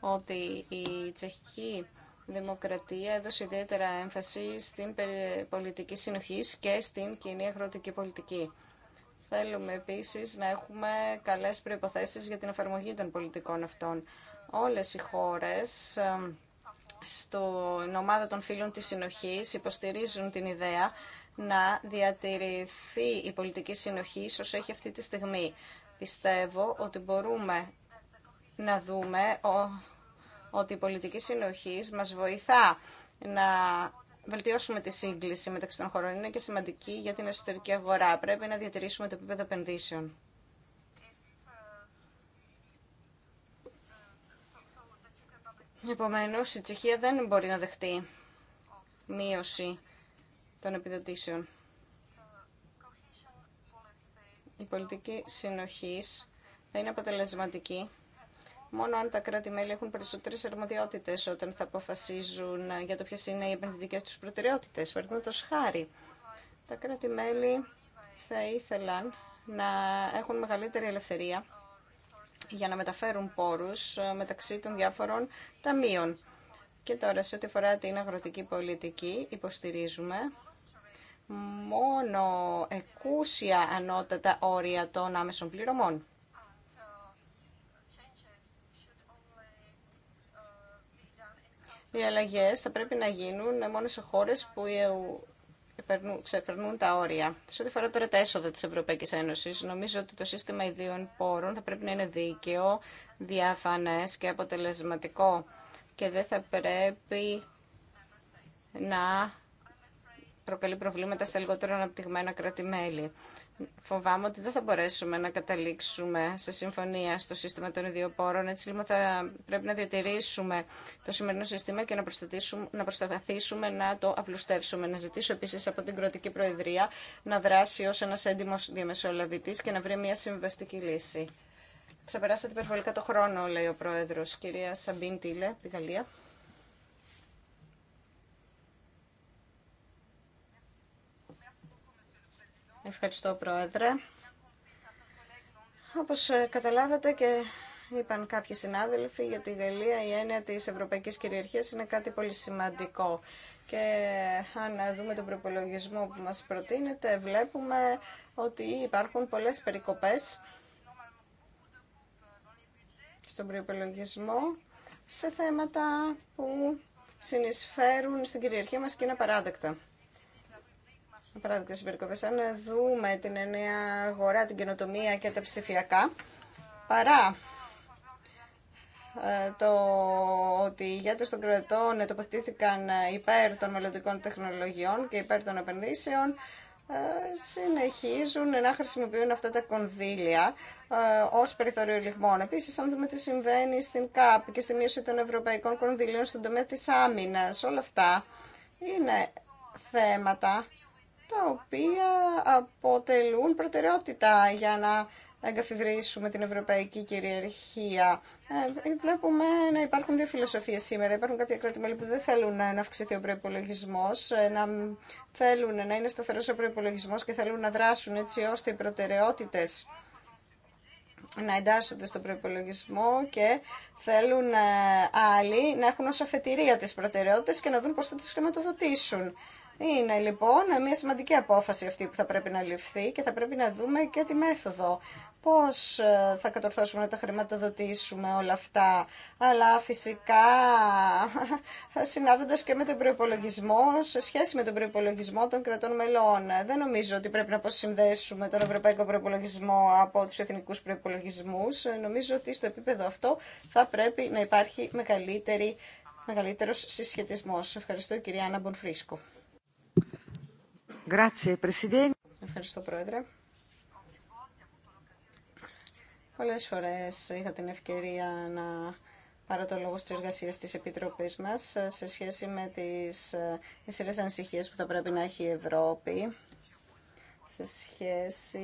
ότι η τσεχική δημοκρατία έδωσε ιδιαίτερα έμφαση στην πολιτική συνοχής και στην κοινή αγροτική πολιτική. Θέλουμε επίσης να έχουμε καλές προϋποθέσεις για την εφαρμογή των πολιτικών αυτών. Όλες οι χώρες στην ομάδα των φίλων της συνοχής υποστηρίζουν την ιδέα να διατηρηθεί η πολιτική συνοχή όσο έχει αυτή τη στιγμή. Πιστεύω ότι μπορούμε να δούμε ότι η πολιτική συνοχή μας βοηθά να βελτιώσουμε τη σύγκληση μεταξύ των χωρών. Είναι και σημαντική για την εσωτερική αγορά. Πρέπει να διατηρήσουμε το επίπεδο επενδύσεων. Επομένω, η Τσεχία δεν μπορεί να δεχτεί μείωση των επιδοτήσεων. Η πολιτική συνοχής θα είναι αποτελεσματική μόνο αν τα κράτη-μέλη έχουν περισσότερε αρμοδιότητε όταν θα αποφασίζουν ε, για το ποιε είναι οι επενδυτικέ του προτεραιότητε. Παραδείγματο χάρη, τα κράτη-μέλη θα ήθελαν να έχουν μεγαλύτερη ελευθερία για να μεταφέρουν πόρους ε, μεταξύ των διάφορων ταμείων. Και τώρα, σε ό,τι αφορά την αγροτική πολιτική, υποστηρίζουμε μόνο εκούσια ανώτατα όρια των άμεσων πληρωμών. Οι αλλαγέ θα πρέπει να γίνουν μόνο σε χώρε που ξεπερνούν τα όρια. Σε ό,τι αφορά τώρα τα έσοδα τη Ευρωπαϊκή Ένωση, νομίζω ότι το σύστημα ιδίων πόρων θα πρέπει να είναι δίκαιο, διαφανέ και αποτελεσματικό και δεν θα πρέπει να προκαλεί προβλήματα στα λιγότερο αναπτυγμένα κράτη-μέλη φοβάμαι ότι δεν θα μπορέσουμε να καταλήξουμε σε συμφωνία στο σύστημα των ιδιοπόρων. Έτσι λοιπόν θα πρέπει να διατηρήσουμε το σημερινό σύστημα και να, να προσπαθήσουμε να το απλουστεύσουμε. Να ζητήσω επίση από την κροτική Προεδρία να δράσει ως ένας έντιμος διαμεσολαβητής και να βρει μια συμβαστική λύση. Ξεπεράσατε υπερβολικά το χρόνο, λέει ο πρόεδρο. Κυρία Σαμπίν Τίλε, από τη Γαλλία. Ευχαριστώ, Πρόεδρε. Όπως ε, καταλάβατε και είπαν κάποιοι συνάδελφοι, για τη Γαλλία η έννοια της ευρωπαϊκής κυριαρχίας είναι κάτι πολύ σημαντικό. Και αν δούμε τον προπολογισμό που μας προτείνεται, βλέπουμε ότι υπάρχουν πολλές περικοπές στον προπολογισμό σε θέματα που συνεισφέρουν στην κυριαρχία μας και είναι παράδεκτα παράδειγμα στις αν δούμε την νέα αγορά, την καινοτομία και τα ψηφιακά, παρά ε, το ότι οι ηγέτε των κρατών τοποθετήθηκαν ε, υπέρ των μελλοντικών τεχνολογιών και υπέρ των επενδύσεων, ε, συνεχίζουν να χρησιμοποιούν αυτά τα κονδύλια ως περιθώριο λιγμών. Επίσης, αν δούμε τι συμβαίνει στην ΚΑΠ και στη μείωση των ευρωπαϊκών κονδυλίων στον τομέα της άμυνας, όλα αυτά είναι θέματα τα οποία αποτελούν προτεραιότητα για να εγκαθιδρύσουμε την ευρωπαϊκή κυριαρχία. Ε, ε, βλέπουμε να υπάρχουν δύο φιλοσοφίες σήμερα. Υπάρχουν κάποια κράτη-μέλη που δεν θέλουν να αυξηθεί ο προπολογισμό, ε, να θέλουν να είναι σταθερός ο προπολογισμό και θέλουν να δράσουν έτσι ώστε οι προτεραιότητες να εντάσσονται στον προπολογισμό και θέλουν άλλοι να έχουν ως αφετηρία τις προτεραιότητες και να δουν πώς θα τις χρηματοδοτήσουν. Είναι λοιπόν μια σημαντική απόφαση αυτή που θα πρέπει να ληφθεί και θα πρέπει να δούμε και τη μέθοδο. Πώς ε, θα κατορθώσουμε να τα χρηματοδοτήσουμε όλα αυτά, αλλά φυσικά συνάδοντας και με τον προπολογισμό, σε σχέση με τον προπολογισμό των κρατών μελών. Ε, δεν νομίζω ότι πρέπει να αποσυνδέσουμε τον ευρωπαϊκό προπολογισμό από τους εθνικούς προϋπολογισμούς. Ε, νομίζω ότι στο επίπεδο αυτό θα πρέπει να υπάρχει μεγαλύτερη, μεγαλύτερος συσχετισμός. Ευχαριστώ κυρία Άννα Μπονφρίσκο. Ευχαριστώ, Πρόεδρε. Πολλές φορές είχα την ευκαιρία να πάρω το λόγο στις εργασίες της Επιτροπής μας σε σχέση με τις ε, ισχυρές ανησυχίες που θα πρέπει να έχει η Ευρώπη σε σχέση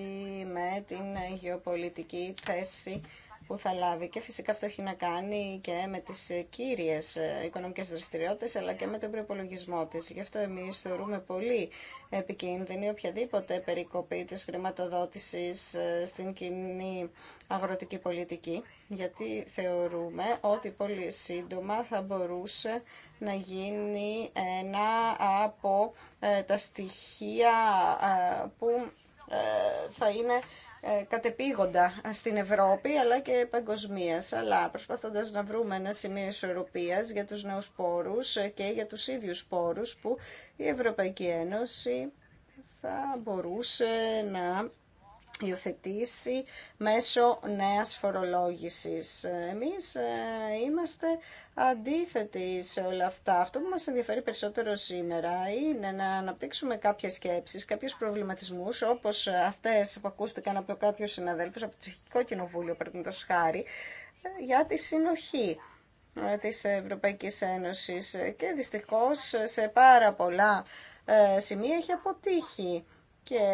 με την γεωπολιτική θέση που θα λάβει και φυσικά αυτό έχει να κάνει και με τις ε, κύριες ε, οικονομικές δραστηριότητες αλλά και με τον προπολογισμό της. Γι' αυτό εμείς θεωρούμε πολύ επικίνδυνη οποιαδήποτε περικοπή τη χρηματοδότησης ε, στην κοινή αγροτική πολιτική γιατί θεωρούμε ότι πολύ σύντομα θα μπορούσε να γίνει ένα από τα στοιχεία που θα είναι ε, κατεπήγοντα στην Ευρώπη αλλά και παγκοσμία. Αλλά προσπαθώντα να βρούμε ένα σημείο ισορροπία για του νέου πόρου και για του ίδιου πόρου που η Ευρωπαϊκή Ένωση θα μπορούσε να υιοθετήσει μέσω νέας φορολόγησης. Εμείς ε, είμαστε αντίθετοι σε όλα αυτά. Αυτό που μας ενδιαφέρει περισσότερο σήμερα είναι να αναπτύξουμε κάποιες σκέψεις, κάποιους προβληματισμούς, όπως αυτές που ακούστηκαν από κάποιους συναδέλφους από το Τσεχικό Κοινοβούλιο, παραδείγματος χάρη, για τη συνοχή ε, της Ευρωπαϊκής Ένωσης και δυστυχώς σε πάρα πολλά ε, σημεία έχει αποτύχει και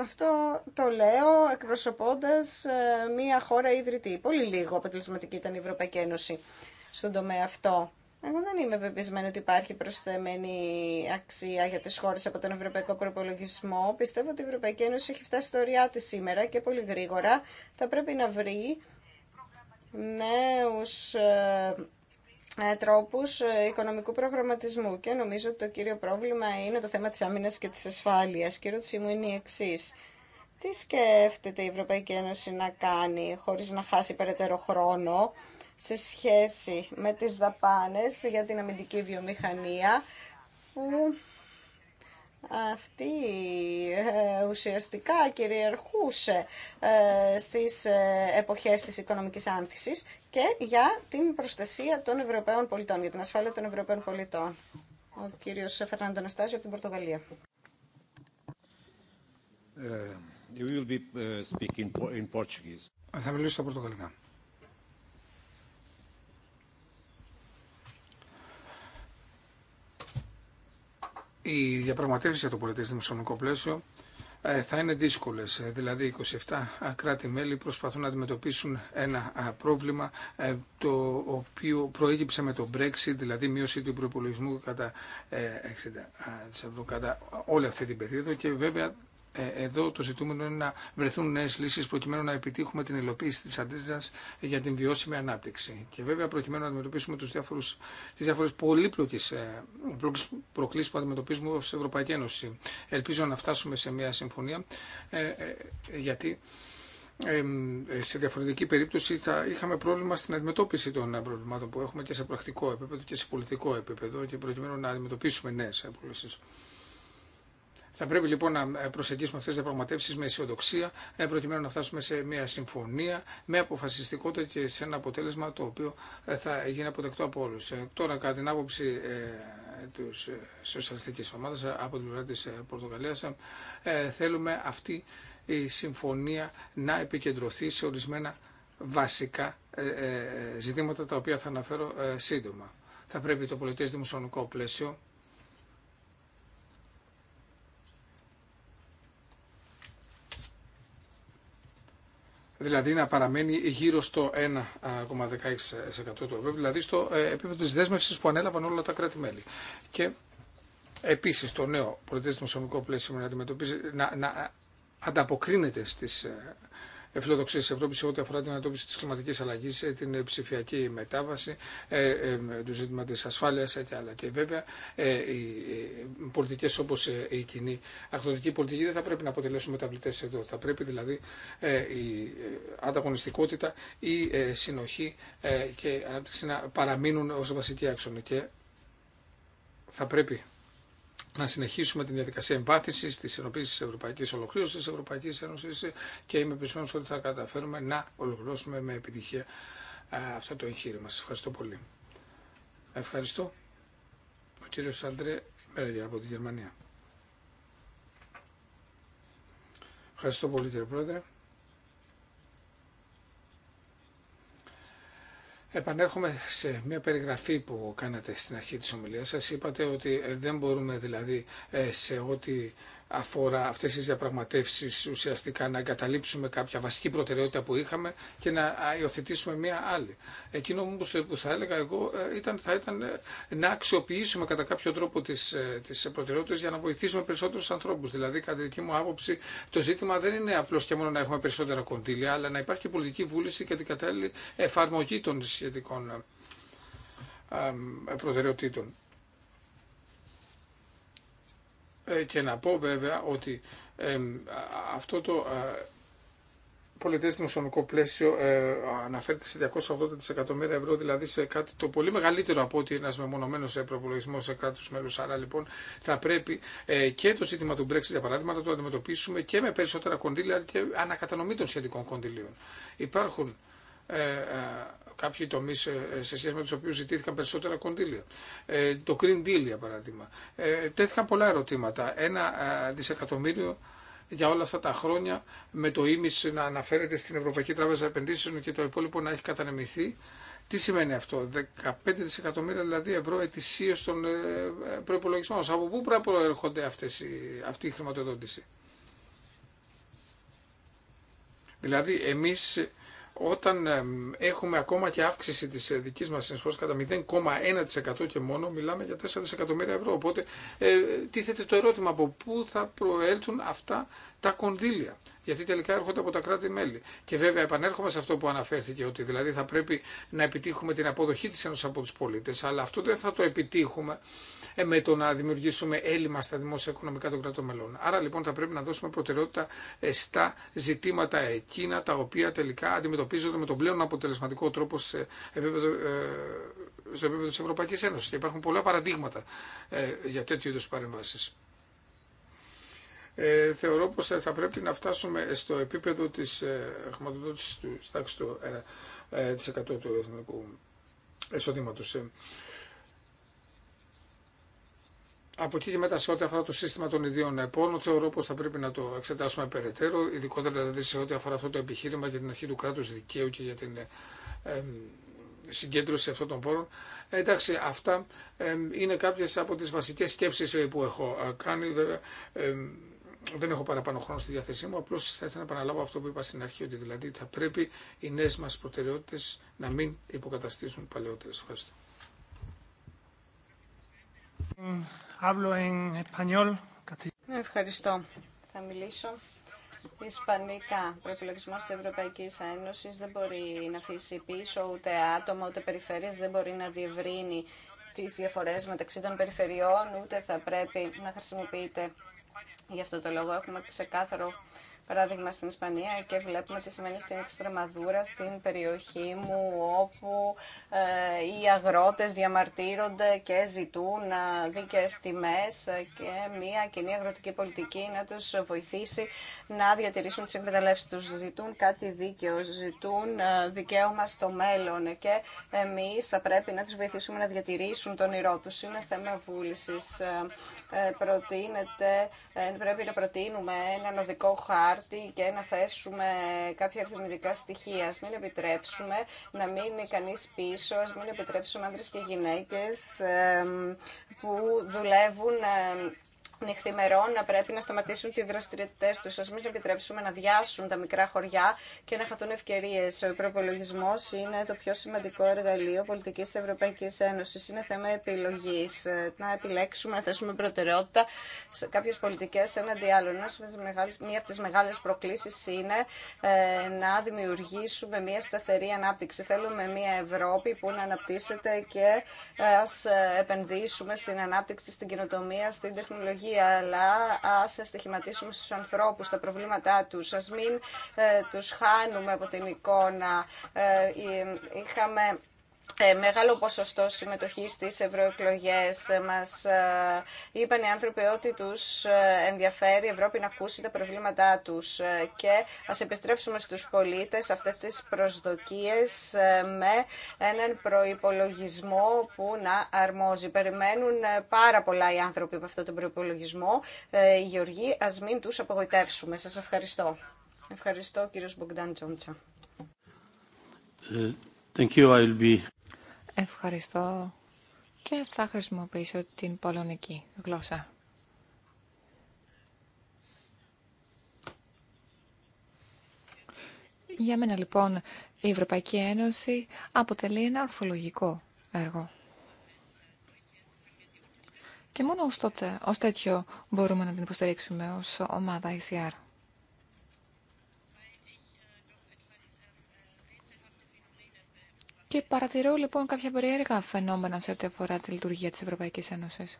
αυτό το λέω εκπροσωπώντας ε, μία χώρα ιδρυτή. Πολύ λίγο αποτελεσματική ήταν η Ευρωπαϊκή Ένωση στον τομέα αυτό. Εγώ δεν είμαι πεπισμένη ότι υπάρχει προσθεμένη αξία για τις χώρες από τον Ευρωπαϊκό Προπολογισμό. Πιστεύω ότι η Ευρωπαϊκή Ένωση έχει φτάσει στο ωριά της σήμερα και πολύ γρήγορα θα πρέπει να βρει νέους ε, ε, τρόπους ε, οικονομικού προγραμματισμού και νομίζω ότι το κύριο πρόβλημα είναι το θέμα της άμυνας και της ασφάλειας. Και η ερώτησή μου είναι η εξή. Τι σκέφτεται η Ευρωπαϊκή Ένωση να κάνει χωρίς να χάσει περαιτέρω χρόνο σε σχέση με τις δαπάνες για την αμυντική βιομηχανία που αυτή ε, ουσιαστικά κυριαρχούσε ε, στις ε, εποχές της οικονομικής άνθησης και για την προστασία των Ευρωπαίων πολιτών, για την ασφάλεια των Ευρωπαίων πολιτών. Ο κύριος Φερνάντο Αναστάζιο από την Πορτογαλία. Θα μιλήσω στα πορτογαλικά. οι διαπραγματεύσει για το πολιτιστικό δημοσιονομικό πλαίσιο ε, θα είναι δύσκολε, ε, Δηλαδή 27 κράτη-μέλη προσπαθούν να αντιμετωπίσουν ένα πρόβλημα ε, το οποίο προήγηψε με το Brexit, δηλαδή μείωση του προπολογισμού κατά 60 κατά όλη αυτή την περίοδο και βέβαια ε, εδώ το ζητούμενο είναι να βρεθούν νέε λύσει προκειμένου να επιτύχουμε την υλοποίηση τη αντίστοιχα για την βιώσιμη ανάπτυξη. Και βέβαια προκειμένου να αντιμετωπίσουμε τι διάφορε πολύπλοκε προκλήσει που αντιμετωπίζουμε ω Ευρωπαϊκή Ένωση. Ελπίζω να φτάσουμε σε μια συμφωνία ε, ε, γιατί σε διαφορετική περίπτωση θα είχαμε πρόβλημα στην αντιμετώπιση των προβλημάτων που έχουμε και σε πρακτικό επίπεδο και σε πολιτικό επίπεδο και προκειμένου να αντιμετωπίσουμε νέε προκλήσει. Θα πρέπει λοιπόν να προσεγγίσουμε αυτέ τι διαπραγματεύσει με αισιοδοξία, ε, προκειμένου να φτάσουμε σε μια συμφωνία με αποφασιστικότητα και σε ένα αποτέλεσμα το οποίο ε, θα γίνει αποδεκτό από όλου. Ε, τώρα, κατά την άποψη τη σοσιαλιστική ομάδα από την πλευρά τη Πορτογαλία, θέλουμε αυτή η συμφωνία να επικεντρωθεί σε ορισμένα βασικά ζητήματα τα οποία θα αναφέρω σύντομα. Θα πρέπει το πολιτές δημοσιονομικό πλαίσιο δηλαδή να παραμένει γύρω στο 1,16% του δηλαδή στο ε, επίπεδο της δέσμευσης που ανέλαβαν όλα τα κράτη-μέλη. Και επίσης το νέο πρωτεύουσα πλαίσιο να, να, να ανταποκρίνεται στις ε, φιλοδοξίε τη Ευρώπη σε ό,τι αφορά την αντιμετώπιση τη κλιματική αλλαγή, ε, την ε, ψηφιακή μετάβαση, ε, το ζήτημα τη ασφάλεια και άλλα. Και βέβαια, οι πολιτικέ όπω η κοινή αγροτική πολιτική δεν θα πρέπει να αποτελέσουν μεταβλητέ εδώ. Θα πρέπει δηλαδή η ανταγωνιστικότητα, η συνοχή και η ανάπτυξη να παραμείνουν ω βασική άξονα. Και θα πρέπει να συνεχίσουμε την διαδικασία εμπάθηση τη ενοποίηση τη Ευρωπαϊκή Ολοκλήρωση τη Ευρωπαϊκή Ένωση και είμαι πεπισμένο ότι θα καταφέρουμε να ολοκληρώσουμε με επιτυχία ε, αυτό το εγχείρημα. Σα ευχαριστώ πολύ. Ευχαριστώ. Ο κύριο Αντρέ Μέρεγια από τη Γερμανία. Ευχαριστώ πολύ κύριε Πρόεδρε. Επανέρχομαι σε μια περιγραφή που κάνατε στην αρχή της ομιλίας σας. Είπατε ότι δεν μπορούμε δηλαδή ε, σε ό,τι αφορά αυτέ τι διαπραγματεύσει, ουσιαστικά να εγκαταλείψουμε κάποια βασική προτεραιότητα που είχαμε και να υιοθετήσουμε μία άλλη. Εκείνο που θα έλεγα εγώ ε, ήταν, θα ήταν ε, να αξιοποιήσουμε κατά κάποιο τρόπο τι ε, προτεραιότητε για να βοηθήσουμε περισσότερου ανθρώπου. Δηλαδή κατά δική μου άποψη το ζήτημα δεν είναι απλώ και μόνο να έχουμε περισσότερα κονδύλια αλλά να υπάρχει πολιτική βούληση και την κατάλληλη εφαρμογή των σχετικών προτεραιοτήτων. Ε, και να πω βέβαια ότι αυτό το πολιτιστικό δημοσιονομικό πλαίσιο ε, αναφέρεται σε 280 δισεκατομμύρια ευρώ, δηλαδή σε κάτι το πολύ μεγαλύτερο από ότι ένα μεμονωμένο ε, προπολογισμό σε κράτου μέλου. Άρα λοιπόν θα πρέπει ε, και το ζήτημα του Brexit, για παράδειγμα, να το αντιμετωπίσουμε και με περισσότερα κονδύλια και ανακατανομή των σχετικών κονδυλίων. Υπάρχουν ε, ε, κάποιοι τομεί ε, σε σχέση με του οποίου ζητήθηκαν περισσότερα κονδύλια. Το Green Deal, για παράδειγμα. Τέθηκαν πολλά ερωτήματα. Ένα δισεκατομμύριο για όλα αυτά τα χρόνια με το ίμιση να αναφέρεται στην Ευρωπαϊκή Τράπεζα Επενδύσεων και το υπόλοιπο να έχει κατανεμηθεί. Τι σημαίνει αυτό, 15 δισεκατομμύρια δηλαδή ευρώ ετησίω των προπολογισμών. Από πού πρέπει προέρχονται αυτές οι, αυτή η χρηματοδότηση. Δηλαδή εμείς όταν έχουμε ακόμα και αύξηση της ε, δικής μας συνεισφοράς κατά 0,1% και μόνο μιλάμε για 4 δισεκατομμύρια ευρώ. Οπότε ε, ε, τίθεται το ερώτημα από πού θα προέλθουν αυτά τα κονδύλια γιατί τελικά έρχονται από τα κράτη-μέλη. Και βέβαια επανέρχομαι σε αυτό που αναφέρθηκε, ότι δηλαδή θα πρέπει να επιτύχουμε την αποδοχή της Ένωσης από τους πολίτες, αλλά αυτό δεν θα το επιτύχουμε με το να δημιουργήσουμε έλλειμμα στα δημόσια οικονομικά των κρατών μελών. Άρα λοιπόν θα πρέπει να δώσουμε προτεραιότητα ε, στα ζητήματα εκείνα τα οποία τελικά αντιμετωπίζονται με τον πλέον αποτελεσματικό τρόπο σε επίπεδο, ε, στο επίπεδο της Ευρωπαϊκής Ένωσης. Και υπάρχουν πολλά παραδείγματα ε, για τέτοιου είδου παρεμβάσει. Ε, θεωρώ πως θα πρέπει να φτάσουμε στο επίπεδο της ε, χρηματοδότησης του στάξης του 1% ε, του εθνικού εισοδήματος. Από εκεί και μετά σε ό,τι αφορά το σύστημα των ιδίων επών, θεωρώ πως θα πρέπει να το εξετάσουμε περαιτέρω, ειδικότερα δηλαδή σε ό,τι αφορά αυτό το επιχείρημα για την αρχή του κράτους δικαίου και για την συγκέντρωση αυτών των πόρων. Εντάξει, αυτά είναι κάποιες από τις βασικές σκέψεις που έχω κάνει δεν έχω παραπάνω χρόνο στη διάθεσή μου, απλώ θα ήθελα να επαναλάβω αυτό που είπα στην αρχή, ότι δηλαδή θα πρέπει οι νέε μα προτεραιότητε να μην υποκαταστήσουν παλαιότερε. Ευχαριστώ. Ναι, ευχαριστώ. Θα μιλήσω ισπανικά. Ο προεπιλογισμό τη Ευρωπαϊκή Ένωση δεν μπορεί να αφήσει πίσω ούτε άτομα ούτε περιφέρειε, δεν μπορεί να διευρύνει τι διαφορέ μεταξύ των περιφερειών, ούτε θα πρέπει να χρησιμοποιείται Γι' αυτό το λόγο έχουμε ξεκάθαρο παράδειγμα στην Ισπανία και βλέπουμε τι σημαίνει στην Εξτρεμαδούρα, στην περιοχή μου όπου ε, οι αγρότες διαμαρτύρονται και ζητούν ε, δίκαιες τιμές ε, και μια κοινή αγροτική πολιτική να τους βοηθήσει να διατηρήσουν τις εκμεταλλεύσεις τους. Ζητούν κάτι δίκαιο, ζητούν δικαίωμα στο μέλλον και εμείς θα πρέπει να τους βοηθήσουμε να διατηρήσουν τον ήρό τους. Είναι θέμα βούλησης. πρέπει να προτείνουμε έναν οδικό χάρτη χάρτη και να θέσουμε κάποια αριθμητικά στοιχεία. Α μην επιτρέψουμε να μείνει κανεί πίσω, α μην επιτρέψουμε άντρε και γυναίκες που δουλεύουν νυχθημερών να πρέπει να σταματήσουν τι δραστηριότητέ του. Α μην επιτρέψουμε να διάσουν τα μικρά χωριά και να χαθούν ευκαιρίε. Ο προπολογισμό είναι το πιο σημαντικό εργαλείο πολιτική Ευρωπαϊκή Ένωση. Είναι θέμα επιλογή. Ε, να επιλέξουμε, να θέσουμε προτεραιότητα σε κάποιε πολιτικέ έναντι άλλων. Μία από τι μεγάλε προκλήσει είναι ε, να δημιουργήσουμε μία σταθερή ανάπτυξη. Θέλουμε μία Ευρώπη που να αναπτύσσεται και α ε, επενδύσουμε στην ανάπτυξη, στην κοινοτομία, στην τεχνολογία αλλά ας στοιχηματίσουμε στους ανθρώπους τα προβλήματά τους, ας μην ε, τους χάνουμε από την εικόνα. Ε, ε, είχαμε ε, μεγάλο ποσοστό συμμετοχή στις ευρωεκλογέ. Μας ε, είπαν οι άνθρωποι ότι τους ε, ενδιαφέρει η Ευρώπη να ακούσει τα προβλήματά τους και α επιστρέψουμε στους πολίτες αυτές τις προσδοκίες με έναν προϋπολογισμό που να αρμόζει. Περιμένουν πάρα πολλά οι άνθρωποι από αυτόν τον προϋπολογισμό. Οι Γεωργοί, ας μην τους απογοητεύσουμε. Σα ευχαριστώ. Ευχαριστώ κύριο Μπογκδάν Τζόντσα. Ευχαριστώ και θα χρησιμοποιήσω την πολωνική γλώσσα. Για μένα λοιπόν η Ευρωπαϊκή Ένωση αποτελεί ένα ορθολογικό έργο. Και μόνο ως, τότε, ως τέτοιο μπορούμε να την υποστηρίξουμε ως ομάδα ICR. Και παρατηρώ λοιπόν κάποια περίεργα φαινόμενα σε ό,τι αφορά τη λειτουργία της Ευρωπαϊκής Ένωσης.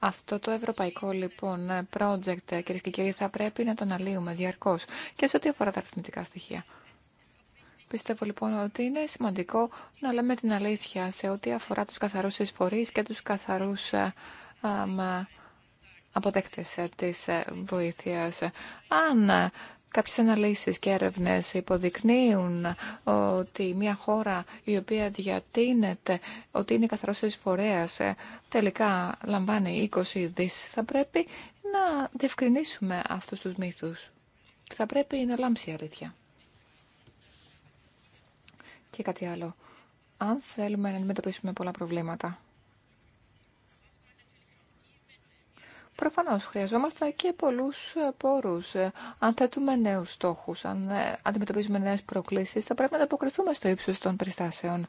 Αυτό το ευρωπαϊκό λοιπόν project, κυρίε και κύριοι, θα πρέπει να το αναλύουμε διαρκώ και σε ό,τι αφορά τα αριθμητικά στοιχεία. Πιστεύω λοιπόν ότι είναι σημαντικό να λέμε την αλήθεια σε ό,τι αφορά του καθαρού εισφορεί και του καθαρού ε, ε, ε, αποδέκτε τη βοήθεια. Αν Κάποιες αναλύσεις και έρευνες υποδεικνύουν ότι μια χώρα η οποία διατείνεται ότι είναι καθαρός εισφορέας ε, τελικά λαμβάνει 20 δις. Θα πρέπει να διευκρινίσουμε αυτούς τους μύθους. Θα πρέπει να λάμψει η αλήθεια. Και κάτι άλλο. Αν θέλουμε να αντιμετωπίσουμε πολλά προβλήματα, Προφανώς χρειαζόμαστε και πολλούς πόρους. Αν θέτουμε νέους στόχους, αν ε, αντιμετωπίζουμε νέες προκλήσεις, θα πρέπει να ανταποκριθούμε στο ύψος των περιστάσεων.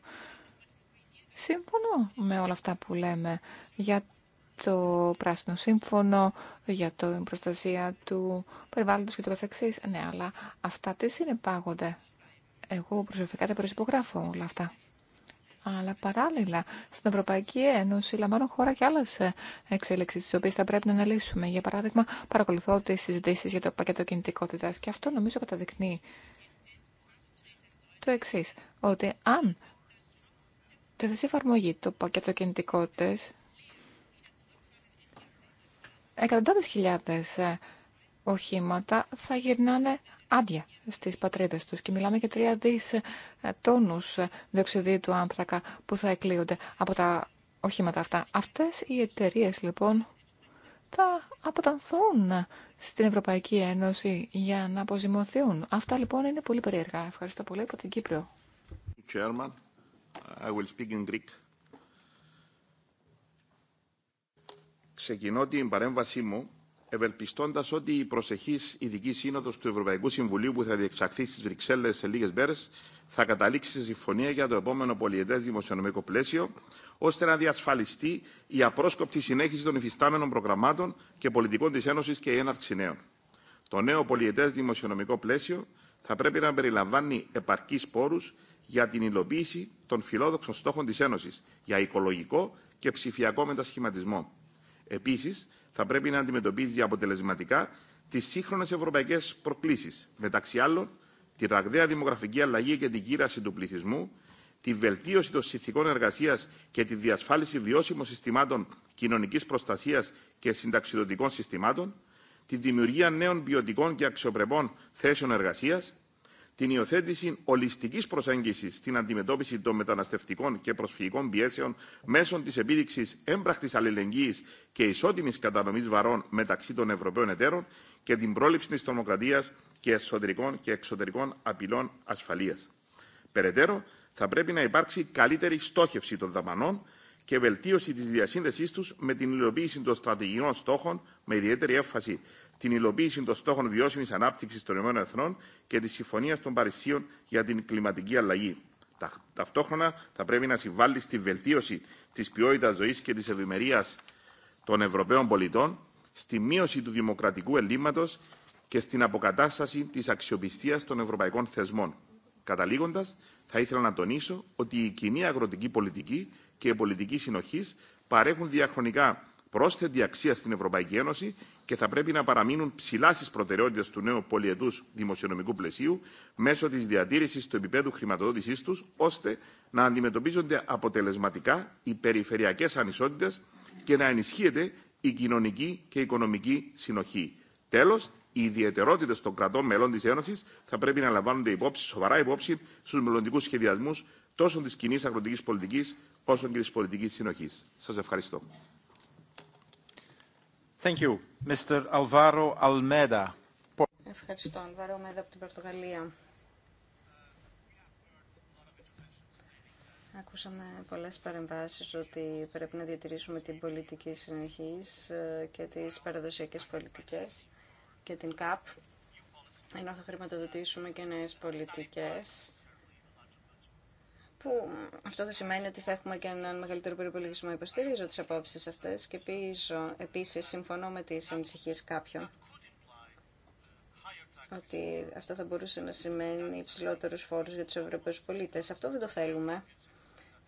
Σύμφωνο με όλα αυτά που λέμε για το πράσινο σύμφωνο, για την προστασία του περιβάλλοντος και του καθεξής. Ναι, αλλά αυτά τι συνεπάγονται. Εγώ προσωπικά τα προσυπογράφω όλα αυτά. Αλλά παράλληλα, στην Ευρωπαϊκή Ένωση λαμβάνουν χώρα και άλλε εξέλιξει, τι οποίε θα πρέπει να αναλύσουμε. Για παράδειγμα, παρακολουθώ τι συζητήσει για το πακέτο κινητικότητα και αυτό νομίζω καταδεικνύει το εξή, ότι αν τεθεί σε εφαρμογή το πακέτο κινητικότητε, εκατοντάδε χιλιάδε ε, οχήματα θα γυρνάνε άδεια στις πατρίδες τους και μιλάμε για τρία δις ε, τόνους ε, διοξιδίου του άνθρακα που θα εκλείονται από τα οχήματα αυτά. Αυτές οι εταιρείε λοιπόν θα αποτανθούν στην Ευρωπαϊκή Ένωση για να αποζημωθούν. Αυτά λοιπόν είναι πολύ περίεργα. Ευχαριστώ πολύ από την Κύπρο. Chairman, I will speak in Greek. Ξεκινώ την παρέμβασή μου ευελπιστώντα ότι η προσεχή ειδική σύνοδο του Ευρωπαϊκού Συμβουλίου που θα διεξαχθεί στι Βρυξέλλε σε λίγε μέρε θα καταλήξει σε συμφωνία για το επόμενο πολιετέ δημοσιονομικό πλαίσιο, ώστε να διασφαλιστεί η απρόσκοπτη συνέχιση των υφιστάμενων προγραμμάτων και πολιτικών τη Ένωση και η έναρξη νέων. Το νέο πολιετέ δημοσιονομικό πλαίσιο θα πρέπει να περιλαμβάνει επαρκεί πόρου για την υλοποίηση των φιλόδοξων στόχων τη Ένωση για οικολογικό και ψηφιακό μετασχηματισμό. Επίση, θα πρέπει να αντιμετωπίζει αποτελεσματικά τι σύγχρονε ευρωπαϊκέ προκλήσει, μεταξύ άλλων τη ραγδαία δημογραφική αλλαγή και την κύραση του πληθυσμού, τη βελτίωση των συνθηκών εργασία και τη διασφάλιση βιώσιμων συστημάτων κοινωνική προστασία και συνταξιδοτικών συστημάτων, τη δημιουργία νέων ποιοτικών και αξιοπρεπών θέσεων εργασία, την υιοθέτηση ολιστικής προσέγγιση στην αντιμετώπιση των μεταναστευτικών και προσφυγικών πιέσεων μέσω της επίδειξης έμπραχτης αλληλεγγύης και ισότιμης κατανομής βαρών μεταξύ των Ευρωπαίων εταίρων και την πρόληψη της τρομοκρατίας και εσωτερικών και εξωτερικών απειλών ασφαλείας. Περαιτέρω, θα πρέπει να υπάρξει καλύτερη στόχευση των δαπανών και βελτίωση της διασύνδεσής τους με την υλοποίηση των στρατηγικών στόχων με ιδιαίτερη έμφαση την υλοποίηση των στόχων βιώσιμη ανάπτυξη των ΗΕ και τη Συμφωνία των Παρισίων για την κλιματική αλλαγή. Ταυτόχρονα θα πρέπει να συμβάλλει στη βελτίωση τη ποιότητα ζωή και τη ευημερία των Ευρωπαίων πολιτών, στη μείωση του δημοκρατικού ελλείμματο και στην αποκατάσταση τη αξιοπιστία των ευρωπαϊκών θεσμών. Καταλήγοντα, θα ήθελα να τονίσω ότι η κοινή αγροτική πολιτική και η πολιτική συνοχή παρέχουν διαχρονικά πρόσθετη αξία στην Ευρωπαϊκή Ένωση και θα πρέπει να παραμείνουν ψηλά στι προτεραιότητε του νέου πολιετού δημοσιονομικού πλαισίου μέσω τη διατήρηση του επίπεδου χρηματοδότησή του, ώστε να αντιμετωπίζονται αποτελεσματικά οι περιφερειακέ ανισότητε και να ενισχύεται η κοινωνική και οικονομική συνοχή. Τέλο, οι ιδιαιτερότητε των κρατών μελών τη Ένωση θα πρέπει να λαμβάνονται υπόψη, σοβαρά υπόψη στου μελλοντικού σχεδιασμού τόσο τη κοινή αγροτική πολιτική όσο και τη πολιτική συνοχή. Σα ευχαριστώ. Ευχαριστώ, Αλβάρο Αλμέδα από την Πορτογαλία. Ακούσαμε πολλές παρεμβάσεις ότι πρέπει να διατηρήσουμε την πολιτική συνεχής ε, και τις παραδοσιακές πολιτικές και την ΚΑΠ, ενώ θα χρηματοδοτήσουμε και νέες πολιτικές που αυτό θα σημαίνει ότι θα έχουμε και έναν μεγαλύτερο περιπολογισμό. Υποστηρίζω τι απόψει αυτέ και πίσω, επίσης συμφωνώ με τι ανησυχίε κάποιων ότι αυτό θα μπορούσε να σημαίνει υψηλότερους φόρους για τους Ευρωπαίους πολίτες. Αυτό δεν το θέλουμε,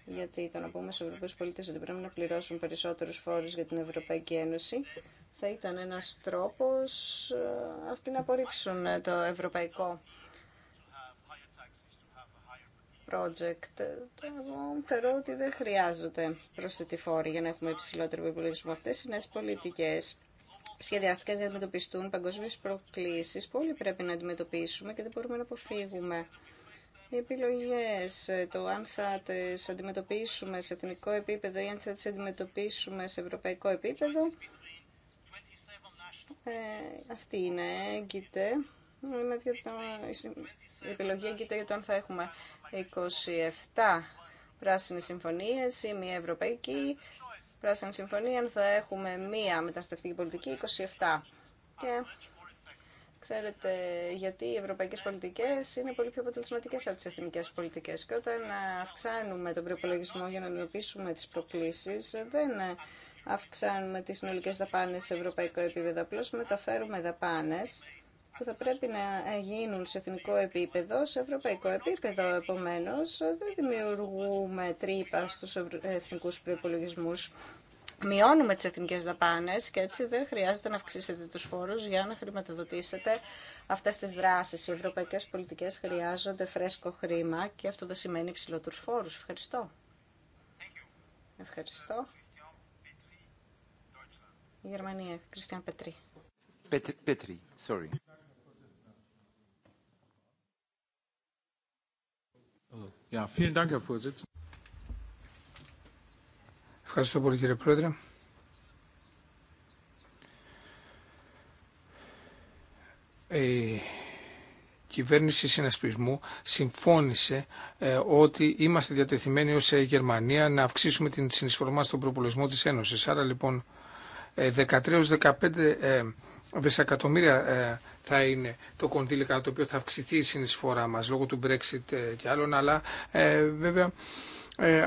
γιατί το να πούμε στους Ευρωπαίους πολίτες ότι πρέπει να πληρώσουν περισσότερους φόρους για την Ευρωπαϊκή Ένωση θα ήταν ένας τρόπος ε, αυτοί να απορρίψουν το ευρωπαϊκό project. Εγώ θεωρώ ότι δεν χρειάζονται προσθετηφόροι για να έχουμε υψηλότερο υπολογισμό. Αυτέ οι νέε πολιτικέ σχεδιάστηκαν για να αντιμετωπιστούν παγκόσμιε προκλήσει που όλοι πρέπει να αντιμετωπίσουμε και δεν μπορούμε να αποφύγουμε. Οι επιλογέ το αν θα τι αντιμετωπίσουμε σε εθνικό επίπεδο ή αν θα τι αντιμετωπίσουμε σε ευρωπαϊκό επίπεδο, ε, αυτή είναι, έγκυται. Η επιλογή έγκυται για το αν θα έχουμε 27 πράσινες συμφωνίες ή μια ευρωπαϊκή πράσινη συμφωνία, θα έχουμε μία μεταναστευτική πολιτική, 27. Και ξέρετε γιατί οι ευρωπαϊκές πολιτικές είναι πολύ πιο αποτελεσματικές από τις εθνικές πολιτικές. Και όταν αυξάνουμε τον προπολογισμό για να αντιμετωπίσουμε τις προκλήσεις, δεν αυξάνουμε τις συνολικές δαπάνες σε ευρωπαϊκό επίπεδο, απλώς μεταφέρουμε δαπάνες που θα πρέπει να γίνουν σε εθνικό επίπεδο, σε ευρωπαϊκό επίπεδο. Επομένως, δεν δημιουργούμε τρύπα στους εθνικούς προπολογισμού. Μειώνουμε τις εθνικές δαπάνες και έτσι δεν χρειάζεται να αυξήσετε τους φόρους για να χρηματοδοτήσετε αυτές τις δράσεις. Οι ευρωπαϊκές πολιτικές χρειάζονται φρέσκο χρήμα και αυτό δεν σημαίνει υψηλότερους φόρους. Ευχαριστώ. Ευχαριστώ. Η Γερμανία, Κριστιαν Πετρί. sorry. Ευχαριστώ πολύ κύριε Πρόεδρε. Η κυβέρνηση συνασπισμού συμφώνησε ε, ότι είμαστε διατεθειμένοι ως ε, Γερμανία να αυξήσουμε την συνεισφορά στον προπολογισμό της Ένωσης. Άρα λοιπόν 13-15 ε, δισεκατομμύρια ε, θα είναι το κονδύλι το οποίο θα αυξηθεί η συνεισφορά μας λόγω του Brexit ε, και άλλων, αλλά ε, βέβαια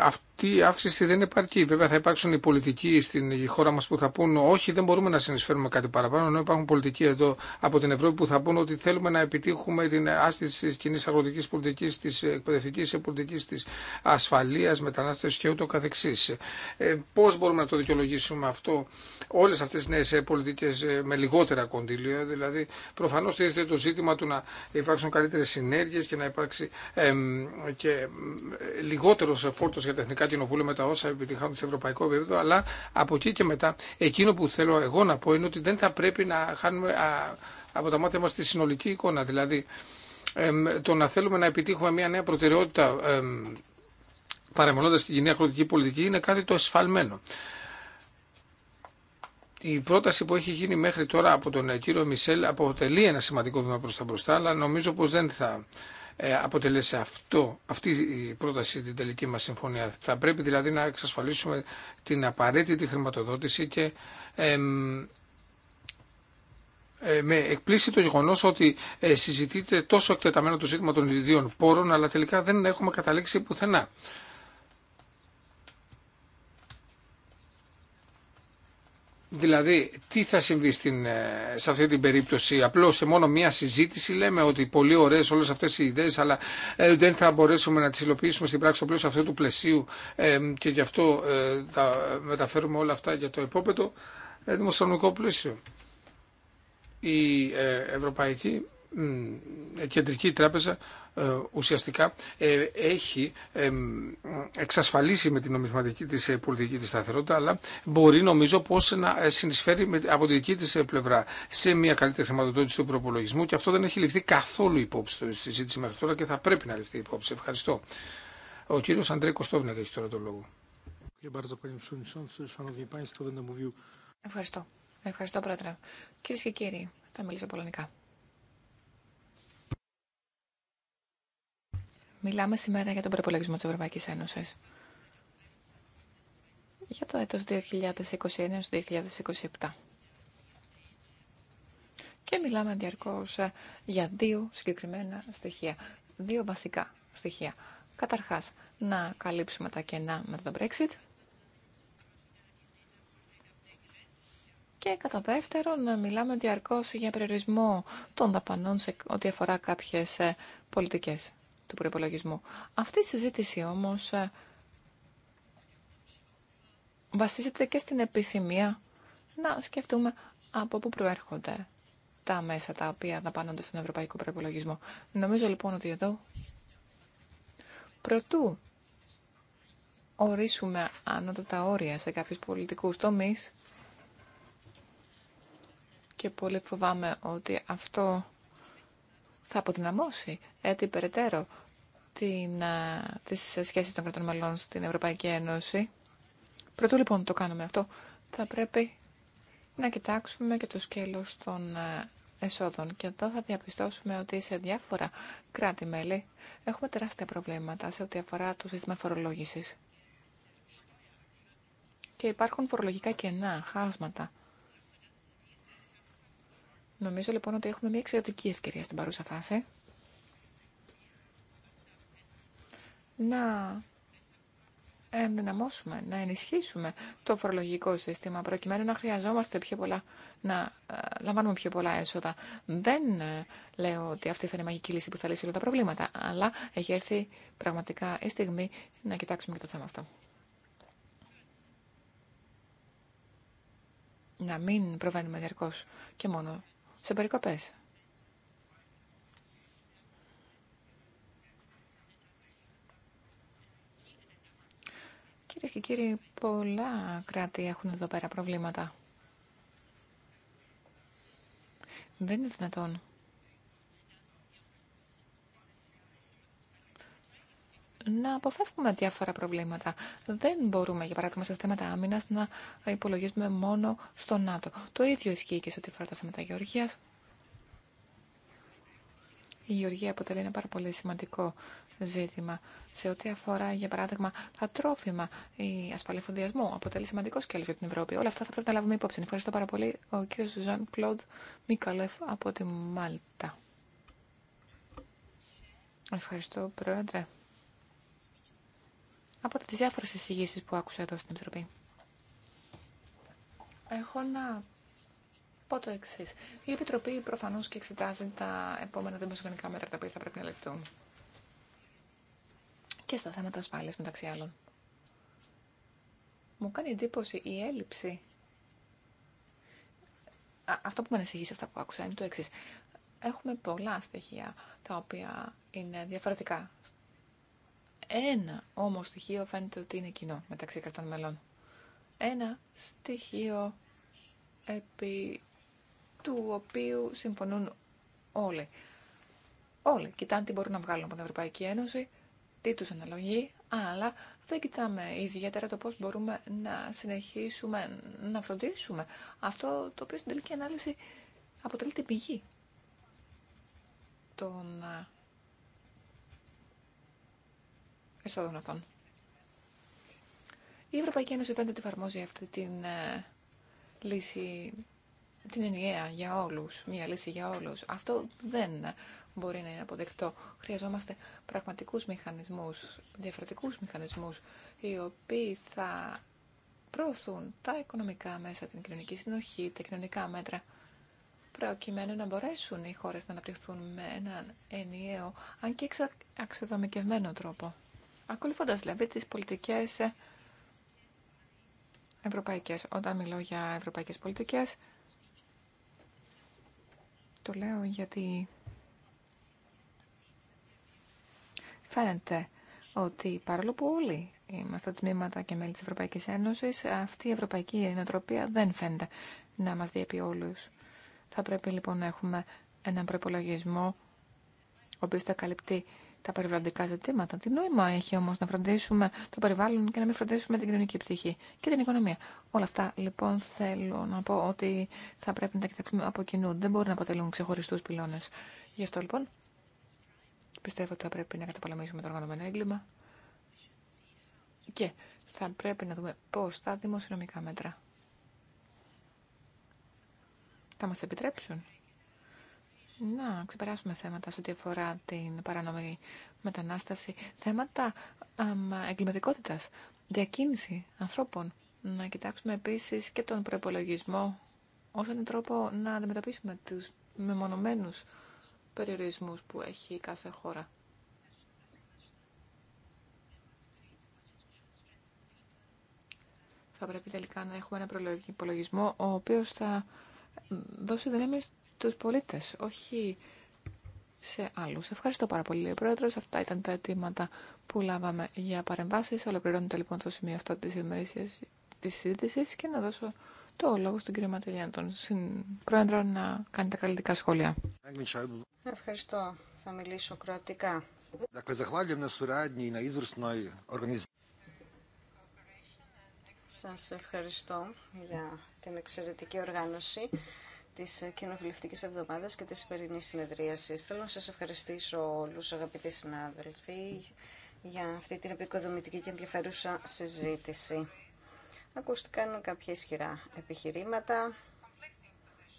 αυτό αυτή η αύξηση δεν υπάρχει. Βέβαια θα υπάρξουν οι πολιτικοί στην χώρα μας που θα πούν όχι δεν μπορούμε να συνεισφέρουμε κάτι παραπάνω ενώ υπάρχουν πολιτικοί εδώ από την Ευρώπη που θα πούν ότι θέλουμε να επιτύχουμε την άσκηση της κοινή αγροτικής πολιτικής, της εκπαιδευτικής πολιτικής, της ασφαλείας, μετανάστευσης και ούτω καθεξής. Ε, πώς μπορούμε να το δικαιολογήσουμε αυτό όλε αυτέ τις νέε πολιτικέ ε, με λιγότερα κονδύλια. Δηλαδή προφανώ τίθεται το ζήτημα του να υπάρξουν καλύτερε συνέργειε και να υπάρξει ε, και λιγότερο φόρτο για τα την με τα όσα επιτυχάνουν σε ευρωπαϊκό επίπεδο, αλλά από εκεί και μετά εκείνο που θέλω εγώ να πω είναι ότι δεν θα πρέπει να χάνουμε από τα μάτια μας τη συνολική εικόνα. Δηλαδή το να θέλουμε να επιτύχουμε μια νέα προτεραιότητα παρεμβολώντα την κοινή αγροτική πολιτική είναι κάτι το ασφαλμένο. Η πρόταση που έχει γίνει μέχρι τώρα από τον κύριο Μισελ αποτελεί ένα σημαντικό βήμα προς τα μπροστά, αλλά νομίζω πως δεν θα ε, αποτελέσει αυτό, αυτή η πρόταση την τελική μας συμφωνία. Θα πρέπει δηλαδή να εξασφαλίσουμε την απαραίτητη χρηματοδότηση και ε, με εκπλήσει το γεγονό ότι ε, συζητείται τόσο εκτεταμένο το ζήτημα των ιδίων πόρων, αλλά τελικά δεν έχουμε καταλήξει πουθενά. Δηλαδή, τι θα συμβεί στην, ε, σε αυτή την περίπτωση. Απλώ σε μόνο μία συζήτηση λέμε ότι πολύ ωραίε όλε αυτέ οι ιδέε, αλλά ε, δεν θα μπορέσουμε να τι υλοποιήσουμε στην πράξη στο πλαίσιο αυτού του πλαισίου ε, και γι' αυτό ε, τα μεταφέρουμε όλα αυτά για το επόμενο ε, δημοσιονομικό πλαίσιο. Η Ευρωπαϊκή Κεντρική Τράπεζα ε, ουσιαστικά ε, έχει ε, εξασφαλίσει με την νομισματική της πολιτική της σταθερότητα αλλά μπορεί νομίζω πως να συνεισφέρει από τη δική της πλευρά σε μια καλύτερη χρηματοδότηση του προπολογισμού και αυτό δεν έχει ληφθεί καθόλου υπόψη στη συζήτηση μέχρι τώρα και θα πρέπει να ληφθεί υπόψη. Ευχαριστώ. Ο κύριος Αντρέ Κωστόβνακ έχει τώρα τον λόγο. Ευχαριστώ. Ευχαριστώ, Πρόεδρε. Κυρίε και κύριοι, θα μιλήσω πολωνικά. Μιλάμε σήμερα για τον προπολογισμό της Ευρωπαϊκής Ένωσης. Για το έτος 2021-2027. Και μιλάμε διαρκώς ε, για δύο συγκεκριμένα στοιχεία. Δύο βασικά στοιχεία. Καταρχάς, να καλύψουμε τα κενά με το Brexit. Και κατά δεύτερον, να μιλάμε διαρκώς για περιορισμό των δαπανών σε ό,τι αφορά κάποιες ε, πολιτικές του προπολογισμού. Αυτή η συζήτηση όμως ε, βασίζεται και στην επιθυμία να σκεφτούμε από πού προέρχονται τα μέσα τα οποία δαπάνονται στον ευρωπαϊκό προπολογισμό. Νομίζω λοιπόν ότι εδώ προτού ορίσουμε τα όρια σε κάποιους πολιτικούς τομείς και πολύ φοβάμαι ότι αυτό θα αποδυναμώσει έτσι περαιτέρω την, τις σχέσεις των κρατών μελών στην Ευρωπαϊκή Ένωση. Πρωτού λοιπόν το κάνουμε αυτό, θα πρέπει να κοιτάξουμε και το σκέλος των εσόδων. Και εδώ θα διαπιστώσουμε ότι σε διάφορα κράτη-μέλη έχουμε τεράστια προβλήματα σε ό,τι αφορά το σύστημα φορολόγησης. Και υπάρχουν φορολογικά κενά, χάσματα. Νομίζω λοιπόν ότι έχουμε μια εξαιρετική ευκαιρία στην παρούσα φάση. να ενδυναμώσουμε, να ενισχύσουμε το φορολογικό σύστημα προκειμένου να χρειαζόμαστε πιο πολλά, να ε, λαμβάνουμε πιο πολλά έσοδα. Δεν ε, λέω ότι αυτή θα είναι η μαγική λύση που θα λύσει όλα τα προβλήματα, αλλά έχει έρθει πραγματικά η στιγμή να κοιτάξουμε και το θέμα αυτό. Να μην προβαίνουμε διαρκώς και μόνο σε περικοπές. Κυρίε και κύριοι, πολλά κράτη έχουν εδώ πέρα προβλήματα. Δεν είναι δυνατόν. να αποφεύγουμε διάφορα προβλήματα. Δεν μπορούμε, για παράδειγμα, σε θέματα άμυνα να υπολογίζουμε μόνο στο ΝΑΤΟ. Το ίδιο ισχύει και σε ό,τι αφορά τα θέματα γεωργία. Η γεωργία αποτελεί ένα πάρα πολύ σημαντικό ζήτημα. Σε ό,τι αφορά, για παράδειγμα, τα τρόφιμα ή ασφαλή φοδιασμό, αποτελεί σημαντικό σκέλο για την Ευρώπη. Όλα αυτά θα πρέπει να λάβουμε υπόψη. Ευχαριστώ πάρα πολύ. Ο κύριο Ζαν Κλοντ Μικαλεφ από τη Μάλτα. Ευχαριστώ, Πρόεδρε. Από τι διάφορε εισηγήσει που άκουσα εδώ στην Επιτροπή. Έχω να πω το εξή. Η Επιτροπή προφανώ και εξετάζει τα επόμενα δημοσιογενικά μέτρα τα οποία θα πρέπει να ληφθούν και στα θέματα ασφάλειας μεταξύ άλλων. Μου κάνει εντύπωση η έλλειψη. αυτό που με ανησυχεί σε αυτά που άκουσα είναι το εξή. Έχουμε πολλά στοιχεία τα οποία είναι διαφορετικά. Ένα όμως στοιχείο φαίνεται ότι είναι κοινό μεταξύ κρατών μελών. Ένα στοιχείο επί του οποίου συμφωνούν όλοι. Όλοι κοιτάνε τι μπορούν να βγάλουν από την Ευρωπαϊκή Ένωση τι τους αναλογεί, αλλά δεν κοιτάμε ιδιαίτερα το πώς μπορούμε να συνεχίσουμε να φροντίσουμε αυτό το οποίο στην τελική ανάλυση αποτελεί την πηγή των ε, εσόδων αυτών. Η Ευρωπαϊκή Ένωση φαίνεται ότι εφαρμόζει αυτή την ε, λύση, την ενιαία για όλους, μία λύση για όλους. Αυτό δεν μπορεί να είναι αποδεκτό. Χρειαζόμαστε πραγματικούς μηχανισμούς, διαφορετικούς μηχανισμούς, οι οποίοι θα προωθούν τα οικονομικά μέσα, την κοινωνική συνοχή, τα κοινωνικά μέτρα, προκειμένου να μπορέσουν οι χώρες να αναπτυχθούν με έναν ενιαίο, αν και αξιοδομικευμένο τρόπο. Ακολουθώντας δηλαδή τις πολιτικές ε, ευρωπαϊκές, όταν μιλώ για ευρωπαϊκές πολιτικές, το λέω γιατί Φαίνεται ότι παρόλο που όλοι είμαστε τμήματα και μέλη της Ευρωπαϊκής Ένωσης, αυτή η ευρωπαϊκή νοοτροπία δεν φαίνεται να μας διέπει όλους. Θα πρέπει λοιπόν να έχουμε έναν προπολογισμό ο οποίος θα καλυπτεί τα περιβαλλοντικά ζητήματα. Τι νόημα έχει όμως να φροντίσουμε το περιβάλλον και να μην φροντίσουμε την κοινωνική πτυχή και την οικονομία. Όλα αυτά λοιπόν θέλω να πω ότι θα πρέπει να τα κοιτάξουμε από κοινού. Δεν μπορούν να αποτελούν ξεχωριστούς πυλώνες. Γι' αυτό λοιπόν Πιστεύω ότι θα πρέπει να καταπολεμήσουμε το οργανωμένο έγκλημα και θα πρέπει να δούμε πώς τα δημοσιονομικά μέτρα θα μας επιτρέψουν να ξεπεράσουμε θέματα σε ό,τι αφορά την παρανομή μετανάστευση, θέματα εγκληματικότητας, διακίνηση ανθρώπων. Να κοιτάξουμε επίσης και τον προπολογισμό ως έναν τρόπο να αντιμετωπίσουμε τους μεμονωμένους περιορισμούς που έχει κάθε χώρα. Θα πρέπει τελικά να έχουμε ένα υπολογισμό ο οποίος θα δώσει δύναμη στους πολίτες, όχι σε άλλους. Ευχαριστώ πάρα πολύ, ο Πρόεδρος. Αυτά ήταν τα αιτήματα που λάβαμε για παρεμβάσεις. Ολοκληρώνεται λοιπόν το σημείο αυτό της ημερήσιας της συζήτησης και να δώσω το λόγο στον κύριο Ματελιάν, Πρόεδρο, να κάνει τα καλλιτικά σχόλια. Ευχαριστώ. Θα μιλήσω κροατικά. Σας ευχαριστώ για την εξαιρετική οργάνωση της Κοινοβουλευτικής Εβδομάδας και της σημερινή συνεδρίασης. Θέλω να σας ευχαριστήσω όλους αγαπητοί συνάδελφοι για αυτή την επικοδομητική και ενδιαφέρουσα συζήτηση. Ακούστηκαν κάποια ισχυρά επιχειρήματα,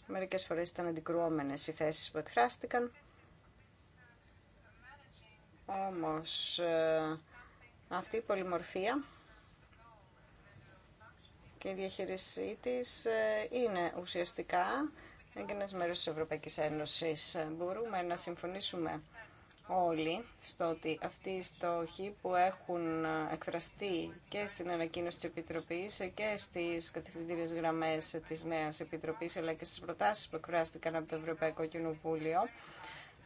Μερικές φορές ήταν αντικρουόμενες οι θέσεις που εκφράστηκαν. Όμως ε, αυτή η πολυμορφία και η διαχείρισή της ε, είναι ουσιαστικά ένα μέρος της Ευρωπαϊκής Ένωσης. Μπορούμε να συμφωνήσουμε όλοι στο ότι αυτοί οι στόχοι που έχουν εκφραστεί και στην ανακοίνωση της Επιτροπής και στις κατευθυντήριες γραμμές της νέας Επιτροπής αλλά και στις προτάσεις που εκφράστηκαν από το Ευρωπαϊκό Κοινοβούλιο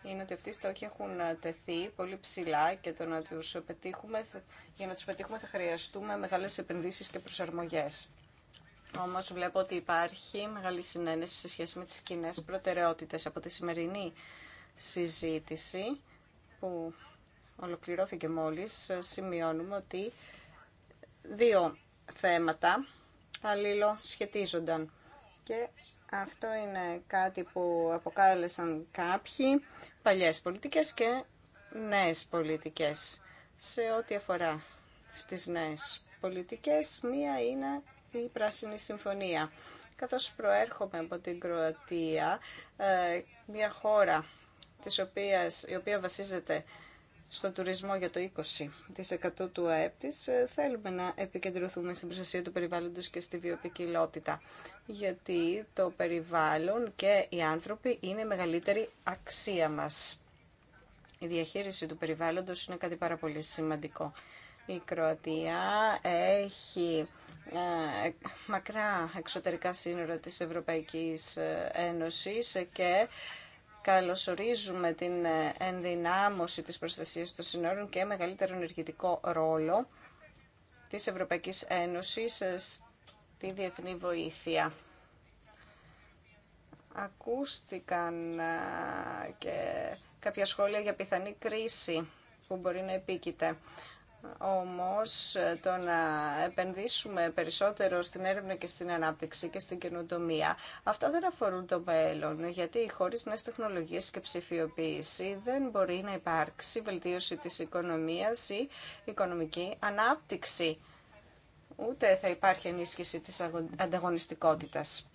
είναι ότι αυτοί οι στόχοι έχουν τεθεί πολύ ψηλά και το να τους πετύχουμε, για να τους πετύχουμε θα χρειαστούμε μεγάλες επενδύσεις και προσαρμογές. Όμως βλέπω ότι υπάρχει μεγάλη συνένεση σε σχέση με τις κοινέ προτεραιότητες από τη σημερινή συζήτηση που ολοκληρώθηκε μόλις, σημειώνουμε ότι δύο θέματα αλλήλω σχετίζονταν. Και αυτό είναι κάτι που αποκάλεσαν κάποιοι παλιές πολιτικές και νέες πολιτικές. Σε ό,τι αφορά στις νέες πολιτικές, μία είναι η Πράσινη Συμφωνία. Καθώς προέρχομαι από την Κροατία, ε, μια χώρα η οποία βασίζεται στο τουρισμό για το 20% του ΑΕΠ της, ε, θέλουμε να επικεντρωθούμε στην προστασία του περιβάλλοντος και στη βιοπικιλότητα. Γιατί το περιβάλλον και οι άνθρωποι είναι η μεγαλύτερη αξία μας. Η διαχείριση του περιβάλλοντος είναι κάτι πάρα πολύ σημαντικό. Η Κροατία έχει ε, μακρά εξωτερικά σύνορα της Ευρωπαϊκής ε, Ένωσης και Καλωσορίζουμε την ε, ενδυνάμωση της προστασίας των συνόρων και μεγαλύτερο ενεργητικό ρόλο της Ευρωπαϊκής Ένωσης ε, στη διεθνή βοήθεια. Ακούστηκαν ε, και κάποια σχόλια για πιθανή κρίση που μπορεί να επίκειται. Όμως ε, το να επενδύσουμε περισσότερο στην έρευνα και στην ανάπτυξη και στην καινοτομία, αυτά δεν αφορούν το μέλλον, γιατί χωρίς νέες τεχνολογίες και ψηφιοποίηση δεν μπορεί να υπάρξει βελτίωση της οικονομίας ή οικονομική ανάπτυξη. Ούτε θα υπάρχει ενίσχυση της ανταγωνιστικότητας.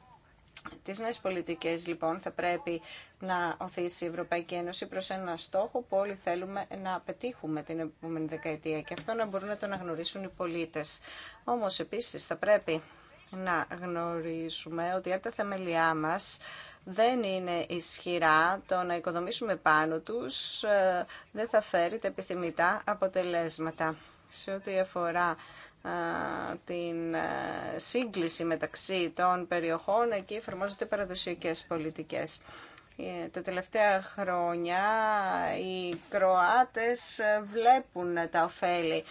Τις νέες πολιτικές λοιπόν θα πρέπει να οθήσει η Ευρωπαϊκή Ένωση προς ένα στόχο που όλοι θέλουμε να πετύχουμε την επόμενη δεκαετία και αυτό να μπορούν να το αναγνωρίσουν οι πολίτες. Όμως επίσης θα πρέπει να γνωρίσουμε ότι αν τα θεμελιά μας δεν είναι ισχυρά, το να οικοδομήσουμε πάνω τους ε, δεν θα φέρει τα επιθυμητά αποτελέσματα. Σε ό,τι αφορά την ε, σύγκληση μεταξύ των περιοχών, εκεί εφαρμόζονται παραδοσιακές πολιτικές. Ε, τα τελευταία χρόνια οι Κροάτες ε, βλέπουν τα ωφέλη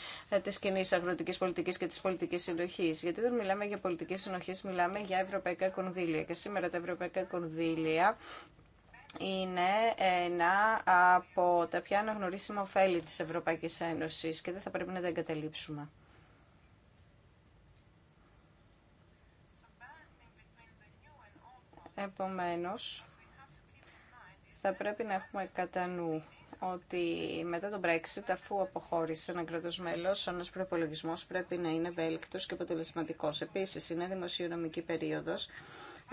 της κοινή αγροτικής πολιτικής και της πολιτικής συνοχής. Γιατί όταν μιλάμε για πολιτική συνοχή, μιλάμε για ευρωπαϊκά κονδύλια. Και σήμερα τα ευρωπαϊκά κονδύλια είναι ένα από τα πια αναγνωρίσιμα ωφέλη της Ευρωπαϊκής Ένωσης και δεν θα πρέπει να τα εγκαταλείψουμε. Επομένως, θα πρέπει να έχουμε κατά νου ότι μετά τον Brexit, αφού αποχώρησε ένα κράτο μέλο, ένα προπολογισμό πρέπει να είναι ευέλικτο και αποτελεσματικό. Επίση, είναι δημοσιονομική περίοδο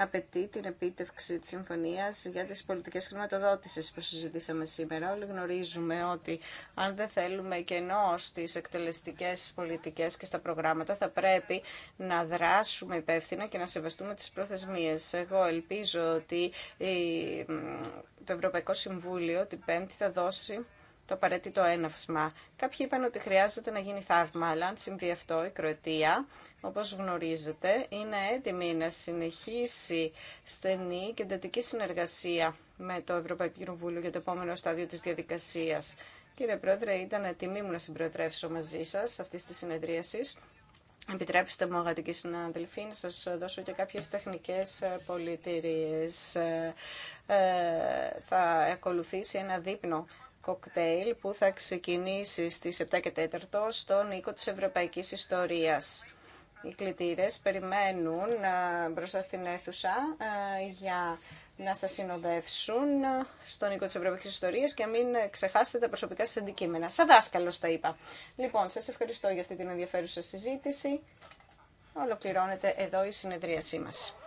απαιτεί την επίτευξη της συμφωνίας για τις πολιτικές χρηματοδότησης που συζητήσαμε σήμερα. Όλοι γνωρίζουμε ότι αν δεν θέλουμε κενό στις εκτελεστικές πολιτικές και στα προγράμματα θα πρέπει να δράσουμε υπεύθυνα και να σεβαστούμε τις προθεσμίες. Εγώ ελπίζω ότι το Ευρωπαϊκό Συμβούλιο την Πέμπτη θα δώσει το απαραίτητο έναυσμα. Κάποιοι είπαν ότι χρειάζεται να γίνει θαύμα, αλλά αν συμβεί αυτό η Κροατία, όπως γνωρίζετε, είναι έτοιμη να συνεχίσει στενή και εντατική συνεργασία με το Ευρωπαϊκό Κοινοβούλιο για το επόμενο στάδιο της διαδικασίας. Κύριε Πρόεδρε, ήταν τιμή μου να συμπροεδρεύσω μαζί σας αυτή τη συνεδρίαση. Επιτρέψτε μου, αγαπητοί συναδελφοί, να σας δώσω και κάποιες τεχνικές πολιτήριες. Ε, ε, θα ακολουθήσει ένα δείπνο κοκτέιλ που θα ξεκινήσει στις 7 και 4 στον οίκο της Ευρωπαϊκής Ιστορίας. Οι κλητήρες περιμένουν ε, μπροστά στην αίθουσα ε, για να σας συνοδεύσουν ε, στον οίκο της Ευρωπαϊκής Ιστορίας και μην ξεχάσετε τα προσωπικά σας αντικείμενα. Σαν δάσκαλος τα είπα. Λοιπόν, σας ευχαριστώ για αυτή την ενδιαφέρουσα συζήτηση. Ολοκληρώνεται εδώ η συνεδρίασή μας.